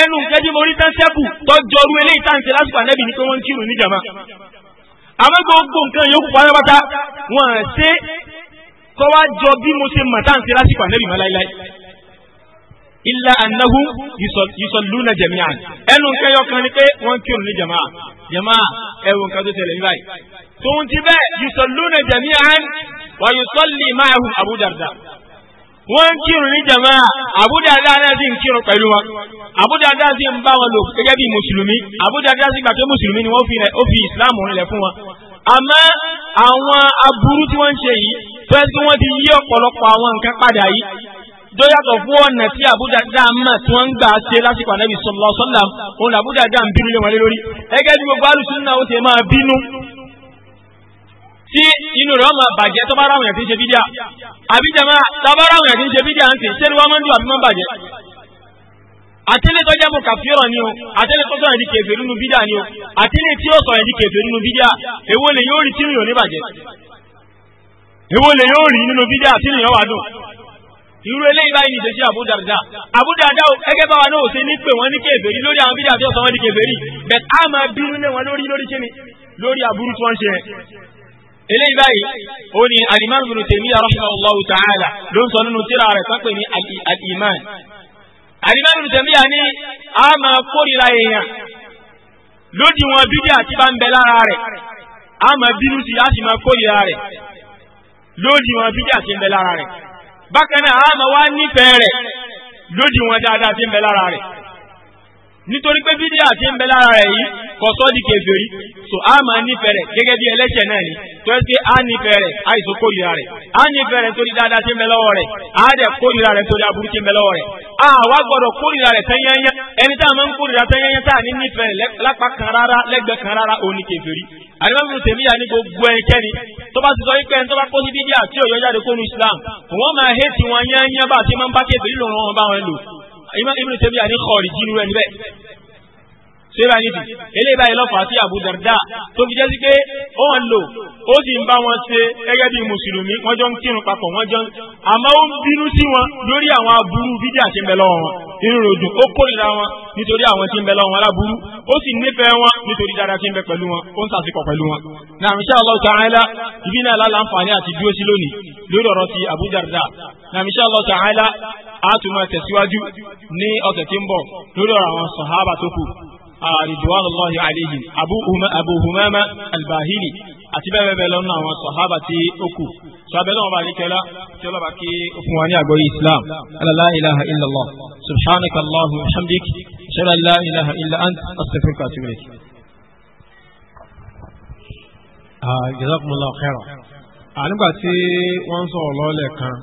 ẹnu nǹkan tí mo rí tán sẹ́kù tọ́jọ́rú eléyìí tá ń ṣe lásìkò ànábì ni pé wọ́n kírun ní jàmá àmọ́ gbogbo nǹkan yòókù pátápátá wọ́n ṣe kọ́ wá jọ bí mo ṣe mọ̀ tá à ń ṣe lásìkò ànábì mọ́ láíláí. illa annahu yusalluna jami'an ẹnu nǹkan yọ ni pé wọ́n kí òun ní jama'a jama'a ẹ̀rù nǹkan tó tẹ̀lé ní tòun ti bẹ́ẹ̀ yusalluna jami'an wa yusalli ma'ahum Abu Darda wọ́n ń kírun ní jama àbúdáadáa náà sì ń kírun pẹ̀lú wọn àbúdáadáa sì ń bá wọn lò gẹ́gẹ́ bí mùsùlùmí àbúdáadáa sì gbà pé mùsùlùmí ni wọ́n fi islam rinlẹ̀ fún wọn. àmọ́ àwọn aburú tí wọ́n ń ṣe yìí tó ẹ́ sí wọ́n ti yí ọ̀pọ̀lọpọ̀ àwọn nǹkan padà yìí tó yàtọ̀ fún ọ̀nà tí àbúdáadáa mọ̀ tí wọ́n ń gbà ṣe lásìkò ànábì sallallahu òun àbúdáadáa ń bínú lé wọn lórí gẹ́gẹ́ bí gbogbo alùsùn náà ó ti máa bínú tí inú rẹ̀ ọmọ bàjẹ́ tó bá ráwọn èèyàn tí ń ṣe bídíà àbí jẹ́mọ́ tábá ráwọn èèyàn tí ń ṣe bídíà ń tè ṣé ni wọ́n máa ń dùn àbí máa ń bàjẹ́. àtẹ́lẹ̀ tó jẹ́bù kàfíọ̀rọ̀ ni o àtẹ́lẹ̀ tó sọ̀rọ̀ di kèfè nínú bídíà ni o àtẹ́lẹ̀ tí ó sọ̀rọ̀ di kèfè nínú bídíà èwo lè yóò rí tínú yóò ní bàjẹ́ èwo lè yóò rí nínú bídíà tínú yóò irú eléyìí báyìí nìṣe sí Abu Darda Abu Darda gẹ́gẹ́ báwa náà ò ṣe ní pé wọ́n ní kèfèrí lórí àwọn bídíà tí ó sọ wọ́n di kèfèrí á máa bínú lé wọn lórí lórí kíni lórí aburú tí wọ́n ń ṣe eléyìí báyìí ó ní alimami bin Taymiyyah rahimahullahu ta'ala ló ń sọ nínú tírà rẹ̀ sápẹ ní al-iman alimami bin Taymiyyah ní a máa kórìíra èèyàn lódì wọn bídí àti bá ń bẹ lára rẹ̀ a máa bínú sí a sì máa kórìíra rẹ̀ lódì wọn bídí àti ń bẹ lára rẹ̀ bákan náà a máa wá nífẹ̀ẹ́ rẹ̀ lódì wọn dáadáa ti ń bẹ lára rẹ̀ nítorí pé bídíà ti ń bẹ lára rẹ̀ yìí kò sọ́ di kèfèrí so a máa nífẹ̀ẹ́ rẹ̀ gẹ́gẹ́ bí ẹlẹ́ṣẹ̀ náà ni tó ẹ́ pé a nífẹ̀ẹ́ rẹ̀ àìsàn kórìíra rẹ̀ a nífẹ̀ẹ́ rẹ̀ torí dáadáa ti ń bẹ lọ́wọ́ rẹ̀ a dẹ̀ kórìíra rẹ̀ torí aburú ti ń bẹ lọ́wọ́ rẹ̀ a wá gbọ́dọ̀ kórìíra rẹ̀ tẹ́yẹ́yẹ́ ẹni tá a máa ń kórìíra tẹ́yẹ́yẹ́ tá a ní nífẹ̀ẹ́ rẹ̀ lápá kan rárá ni kèfèrí alimami tèmíyà ní gbogbo ẹnikẹ́ni tó bá ti sọ wípé ẹni tó bá kó sí bídíà tí ò yọ jáde nu Islam wọ́n máa hẹ́ẹ̀tì wọn yẹ́nyẹ́ bá a ti máa ń bá kèfèrí lòun wọn bá wọn lò ibùdó tèmíyà ní kọ̀ọ̀rì jínú rẹ̀ níbẹ̀ sera yìí di eléyìí báyìí lọ́fà sí Abu Darda tó fi jẹ́ sí pé ó ń lò ó sì ń bá wọn ṣe gẹ́gẹ́ bí mùsùlùmí wọ́n jọ ń kírun papọ̀ wọ́n jọ ń àmọ́ ó ń bínú sí wọn lórí àwọn aburú bídí àti ń bẹ lọ́wọ́ wọn inú ròdù ó kórìíra wọn nítorí àwọn tí ń bẹ lọ́wọ́ wọn láburú ó sì nífẹ̀ẹ́ wọn nítorí dáadáa tí ń bẹ pẹ̀lú wọn ó ń sàṣepọ̀ pẹ̀lú wọn. náà insha Allah ta'ala ibi náà lálá àǹfààní àti dúró sí lónìí lórí ọ̀rọ̀ ti Abu Darda náà insha Allah ta'ala a tún máa tẹ̀síwájú ní ọ̀sẹ̀ tí ń bọ̀ lórí ọ̀rọ̀ àwọn sàhábà tó kù ridwanullahi alayhim abu humama albahili àti bẹ́ẹ̀ bẹ́ẹ̀ lọ́nà àwọn sọ̀hábà tí ó kù sábẹ́ náà wà ní kẹlá tí ọlọ́ba kí ó fún wa ní àgbọ́yé islam la ilaha illallah subhanaka allahu hamdik shara la ilaha illa ant astaghfiruka wa atubu ilayk. Ah, jazakumullahu khairan ànígbà ah, tí wọ́n ń kan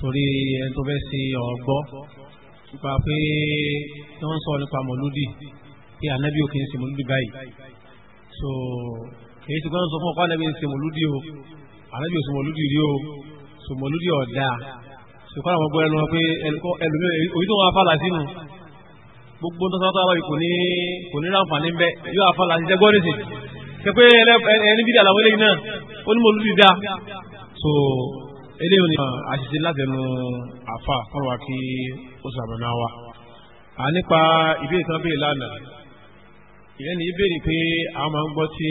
torí ẹni tó fẹ́ ṣe ọ̀gbọ́ nípa pé tí wọ́n sọ nípa mọ̀lúdì pé ànábì òkè ń ṣe mọ̀lúdì báyìí so kìí ti gbọ́n sọ fún ọkọ ànábì ń ṣe mọ̀lúdì o ànábì ò ṣe mọ̀lúdì rí o so mọ̀lúdì ọ̀dà ṣùgbọ́n àwọn ọgbọ́n ẹnu wọn pé ẹlòmíràn òbí tó wọn afálà sínú gbogbo tó sọ́tọ́ àwọn kò ní kò ní ráǹfààní bẹ́ yóò afálà sí jẹ́gbọ́n nìsín ṣe pé ẹni bídà làwọn eléyìí náà ó ní mọ̀lúdì dá so eléyìí ni àṣìṣe látẹnu àfà kọ́nà kí ó sàmùnà wa. à nípa ìbéèrè kan béèrè lánàá ìyẹn ni ìbéèrè pé àwọn máa ń gbọ́ tí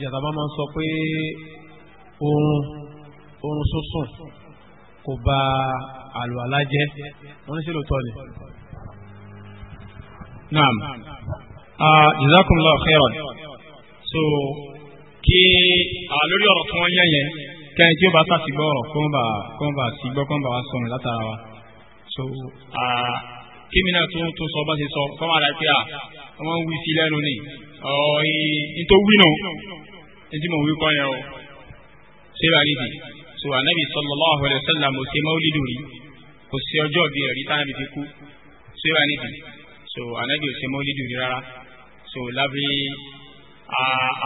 ìyàtọ̀ máa ń sọ pé oorun oorun sísùn kò ba àlùwàlá jẹ́ wọ́n ní ṣe lóòótọ́ ni. naam jazakumullahu khairan so kí lórí ọ̀rọ̀ tí wọ́n yẹn yẹn kẹ́ni tí ó bá sàṣìgbọ́ ọ̀rọ̀ kó ń bà kó ń bà sígbọ́ wá sọnù látara wa so kíni náà tún tún sọ bá ṣe sọ kọ́ máa dàgbé à wọ́n ń wí sí lẹ́nu ni ọ̀ọ́yìn tó wí nù ẹtí mò ń wí kọ́ yẹn o ṣé wàá níbi so anabi sallallahu alaihi wasallam kò ṣe maulidu rí kò sí ọjọ́ bíi ẹ̀rí táwọn ibi kú ṣé wàá níbi so anabi ò ṣe maulidu rí rárá so lábẹ́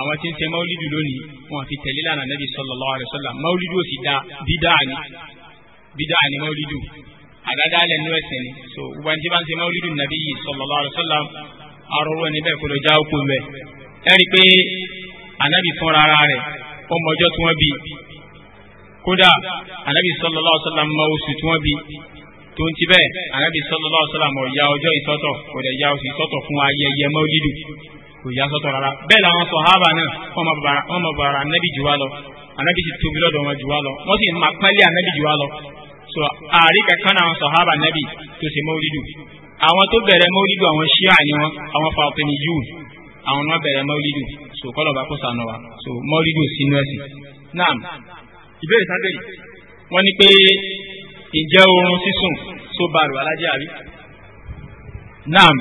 àwọn tí ń ṣe maulidu lónìí wọn fi tẹ̀lé lánàá nabi sallallahu alaihi wasallam maulidu ò sì da bídà ni bídà ni maulidu àdáda lẹ́nu ẹ̀sìn ni so wọn ti bá ń ṣe maulidu nabi sallallahu alaihi wasallam arọ́rọ́ ni bẹ́ẹ̀ kó òkú mẹ́ ẹ pé anabi fúnra ara rẹ̀ ọmọ ọjọ́ tí wọ́n bí kódà anabi sallallahu alaihi wasallam mọ oṣù tí wọ́n bí tó ń ti bẹ́ẹ̀ anabi sallallahu alaihi wasallam ó ya ọjọ́ ìsọ́tọ̀ kò dẹ̀ oṣù ìsọ́tọ̀ fún ayẹyẹ maulidu kò yá sọ́tọ̀ rárá bẹ́ẹ̀ làwọn sọ̀hábà náà wọ́n máa bàbàrà anábì jù wá lọ anábì sì tóbi lọ́dọ̀ wọn jù wá lọ wọ́n sì máa pẹ́lẹ́ anábì jù wá lọ so ààrí kankan àwọn sọ̀hábà anábì tó ṣe mọ́wúlídù àwọn tó bẹ̀rẹ̀ mọ́wúlídù àwọn ṣíà ni wọn àwọn fàtẹ́mi yù àwọn náà bẹ̀rẹ̀ mọ́wúlídù so kọ́lọ̀ bá kó sànù wa so mọ́wúlídù sínú ẹ̀sìn naam ìbéèrè sábẹ́rì wọ́n ní pé ìjẹ́ oorun sísùn tó bá rò alájẹ́ àrí naam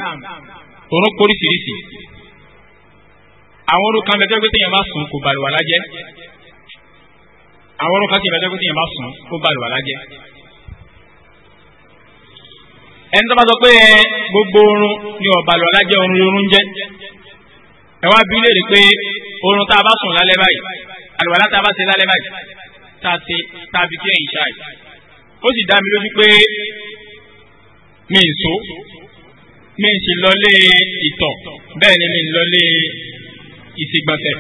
oorun póríṣiríṣi àwọn orúkọ kan bẹ̀tẹ́ pé téèyàn bá sùn kò bàlùwà lájẹ́ àwọn orúkọ kan bẹ̀tẹ́ pé téèyàn bá sùn kò bàlùwà lájẹ́. ẹni tó bá sọ pé gbogbo oorun ni ó bàlùwà lájẹ́ oorun lórun jẹ́ ẹ wá bí léèrè pé oorun tá a bá sùn lálẹ́ báyìí àlùwàlá tá bá ṣe lálẹ́ báyìí tá a ṣe tá a fi kí ẹ̀yìn ṣáà ó sì dá mi lójú pé mi ì so mi ì sì lọlé ìtọ̀ bẹ́ẹ̀ ni mi ì lọlé ìsìgbọ̀nsẹ̀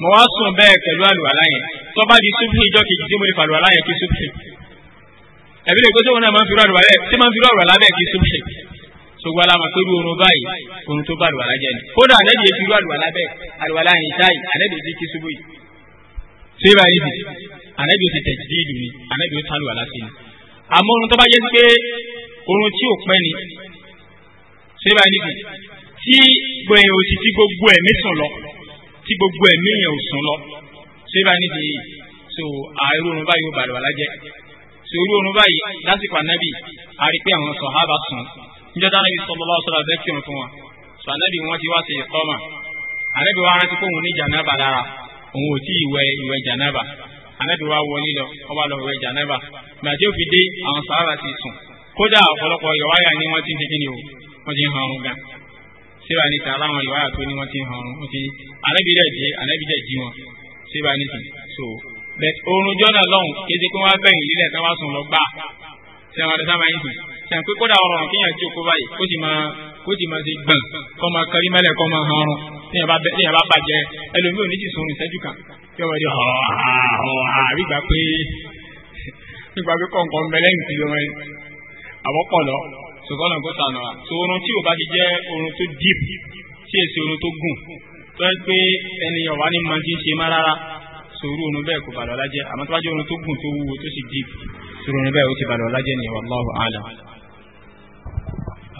mo wá sùn bẹ́ẹ̀ pẹ̀lú àlùwàlá yẹn tó bá di súbúhì ìjọ kejì tí mo lè fàlùwàlá yẹn kí súbúhì ẹ̀bí lè gbósòwò náà máa ń fi rọ̀lùwà rẹ̀ tí máa ń fi rọ̀lùwà lábẹ́ kí súbúhì sogbo alama pẹ̀lú orun báyìí orun tó bá àlùwàlá jẹ́ ni kódà àlẹ́dì yẹn fi rú àlùwàlá bẹ́ẹ̀ àlùwàlá yẹn ṣáì àlẹ́dì yẹn ti kí súbúhì ṣé bá yìí bì àlẹ́dì yóò ti tẹ̀ sí ìlú ni àlẹ́dì yóò tán àlùwàlá sí ni àmọ́ orun tó bá yẹ sí pé orun tí ò pẹ́ tí gbẹ̀yìn òsì tí gbogbo ẹ̀mí sùn lọ tí gbogbo ẹ̀mí yẹn ò sùn lọ ṣé bá nídìí yìí so àìrò òrùn báyìí ó bàlù alájẹ so irú òrùn báyìí lásìkò ànábì àrí pé àwọn sọ̀hábà sùn níjọ́ dáná yìí sọ́lọ́lá ọ̀sọ́lá bẹ́ẹ̀ kírun fún wọn so ànábì wọn ti wá sí ìkọ́mà ànábì wa rántí fóun ní jànábà lára òun ò tí ì wẹ ìwẹ̀ jànábà ànábì wa wọlé lọ ọba lọ wẹ jànábà gbàdé òfi dé àwọn sàárà ti sùn kódà ọ̀pọ̀lọpọ̀ yọ̀wáyà ni wọ́n ti ń ṣe ni o wọ́n ti ń han ọ̀run gan síbà ní sàrà àwọn ìwà àti oní wọn ti hàn wọn ti ànábìdẹ jí ànábìdẹ jí wọn síbà ní sàn so bẹ́ẹ̀ oorun jọnà lọhùn kéde pé wọn bẹyìn lílẹ̀ káwá sùn lọ gbà sẹwọn àti sábà yìí sùn sàn pé kódà ọ̀rọ̀ kéèyàn tí o kó báyìí kó sì máa kó sì máa ti gbọ̀n kó máa kárí mẹlẹ kó máa hàn ọrùn téèyàn bá bàjẹ́ ẹlòmíì ò ní jì sùn ìṣẹ́jú kan tí wọn di hàn hàn àbí gbà pé nígbà pé kọ̀ọ̀kan bẹ lẹ́yìn tí ṣùgbọ́n náà kó sànù wa so oorun tí o bá ti jẹ́ oorun tó deep tí èsì oorun tó gùn tó ẹ pé ẹnìyàn wà ní mọ́tí ń ṣe má rárá sòrú oorun bẹ́ẹ̀ kò bàlọ́ lájẹ́ àmọ́ tó bá jẹ́ oorun tó gùn tó wúwo tó sì deep sòrú oorun bẹ́ẹ̀ ó ti bàlọ́ lájẹ́ ni wallahu a'lam.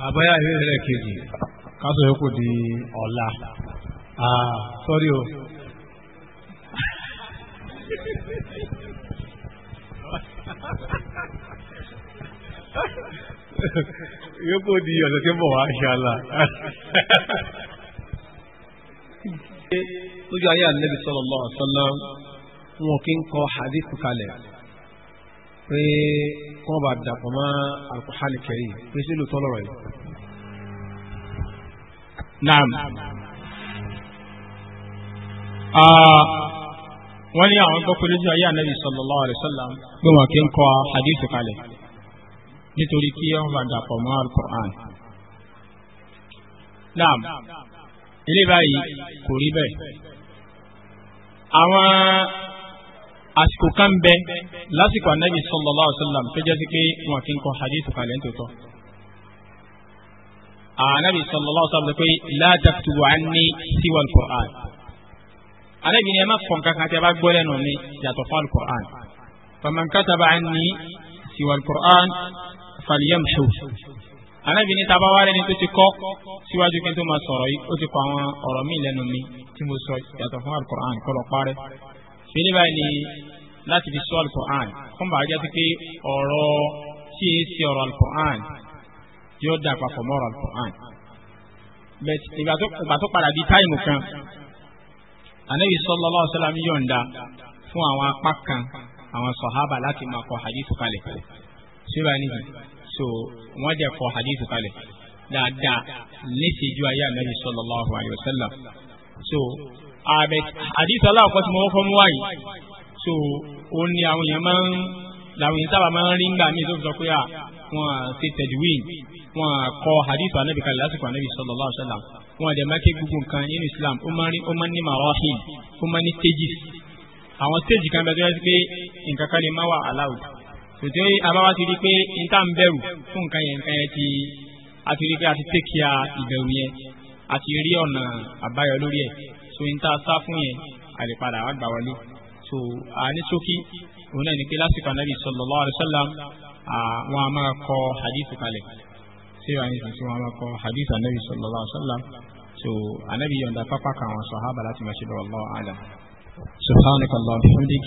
àbáyá ìwé rẹ̀ kejì kásọ̀ yóò kò di ọ̀la sọ́rí o. Ha ha ha yóò kó di ọ̀sẹ̀ tí ń bọ̀ wá ṣàlà. lójú ayé ànábì sallallahu alaihi wasallam wọn kì í kọ hadith kalẹ̀ pé kí wọ́n bá dàpọ̀ mọ́ alukóhálì kẹrì pé sílùú tọ́lọ̀rọ̀ yìí. naam wọ́n ní àwọn gbọ́ pé lójú ayé ànábì sallallahu alaihi wasallam pé wọn kì í kọ hadith kalẹ̀ nítorí kí wọ́n bá dàpọ̀ mọ́ alukur'an. naam ilé báyìí kò rí bẹ́ẹ̀. àwọn àsìkò kan bẹ lásìkò anabi sallallahu alaihi wasallam tó jẹ́ sí pé wọn kì í kọ hadith kalẹ̀ ń tòótọ́. anabi sallallahu alaihi wasallam sọ pé la taktubu anni siwa alukur'an. anabi ni ẹ má fọ̀n kankan tí a bá gbọ́ lẹ́nu mi yàtọ̀ fún alukur'an. faman kataba anni siwa alukur'an falyamshu anábì ní taba wa lẹni tó ti kọ́ síwájú kí n tó máa sọ̀rọ̀ yìí ó ti kọ́ àwọn ọ̀rọ̀ míì lẹ́nu mi tí mo sọ yàtọ̀ fún alukur'an kọlọ̀ parẹ́ fìlí báyìí ni láti fi sọ alukur'an fún bàá jásí pé ọ̀rọ̀ tí e ṣe ọ̀rọ̀ alukur'an yóò dà papọ̀ mọ́ ọ̀rọ̀ alukur'an bẹ́ẹ̀ ìgbà tó padà di táìmù kan anábì sallallahu alaihi wasallam yọ̀ǹda fún àwọn apá kan àwọn sọ̀hábà láti máa hadith kalẹ̀ síbáyìí so wọ́n jẹ́ kọ́ hadith kalẹ̀ dáadáa níṣẹ́jú ayé ànábì sallallahu alayhi wa sallam so ààbẹ̀ hadith aláwọ̀kọ́ tí mo kọ́ mú wáyé so ó ní àwọn èèyàn máa ń làwọn èèyàn sábà máa ń rí ńgbà míì tó fi sọ pé à ah, wọ́n ṣe tẹ̀júwìn wọ́n kọ́ hadith ànábì kalẹ̀ lásìkò ànábì sallallahu alayhi wa sallam wọ́n àdẹ̀ máa ké gbogbo nǹkan nínú Islam ó máa ń ní marahil ó máa ń ní stages àwọn stage kan bẹ́ẹ̀ tó yẹ kí nǹkan kan lè má wà aláwùjọ sòtẹ́ àbáwá ti rí pé níta ń bẹ̀rù fún nǹkan yẹn nǹkan yẹn ti a ti rí pé a ti tẹ́kíà ìbẹ̀rù yẹn a ti rí ọ̀nà àbáyọ lórí ẹ̀ so níta sá fún yẹn àlèpadà àgbà wọlé so àní sókí òun náà ní pé lásìkò ànábì sallallahu alaihi wasallam àwọn a máa kọ hadith kalẹ̀ ṣé wàá ní sàtí wọn máa kọ hadith ànábì sallallahu alaihi wasallam so ànábì yọ̀ǹda pápá kan àwọn sàhábà láti máa ṣe lọ́wọ́ lọ́wọ́ àlà subhanaka allahumma bihamdik.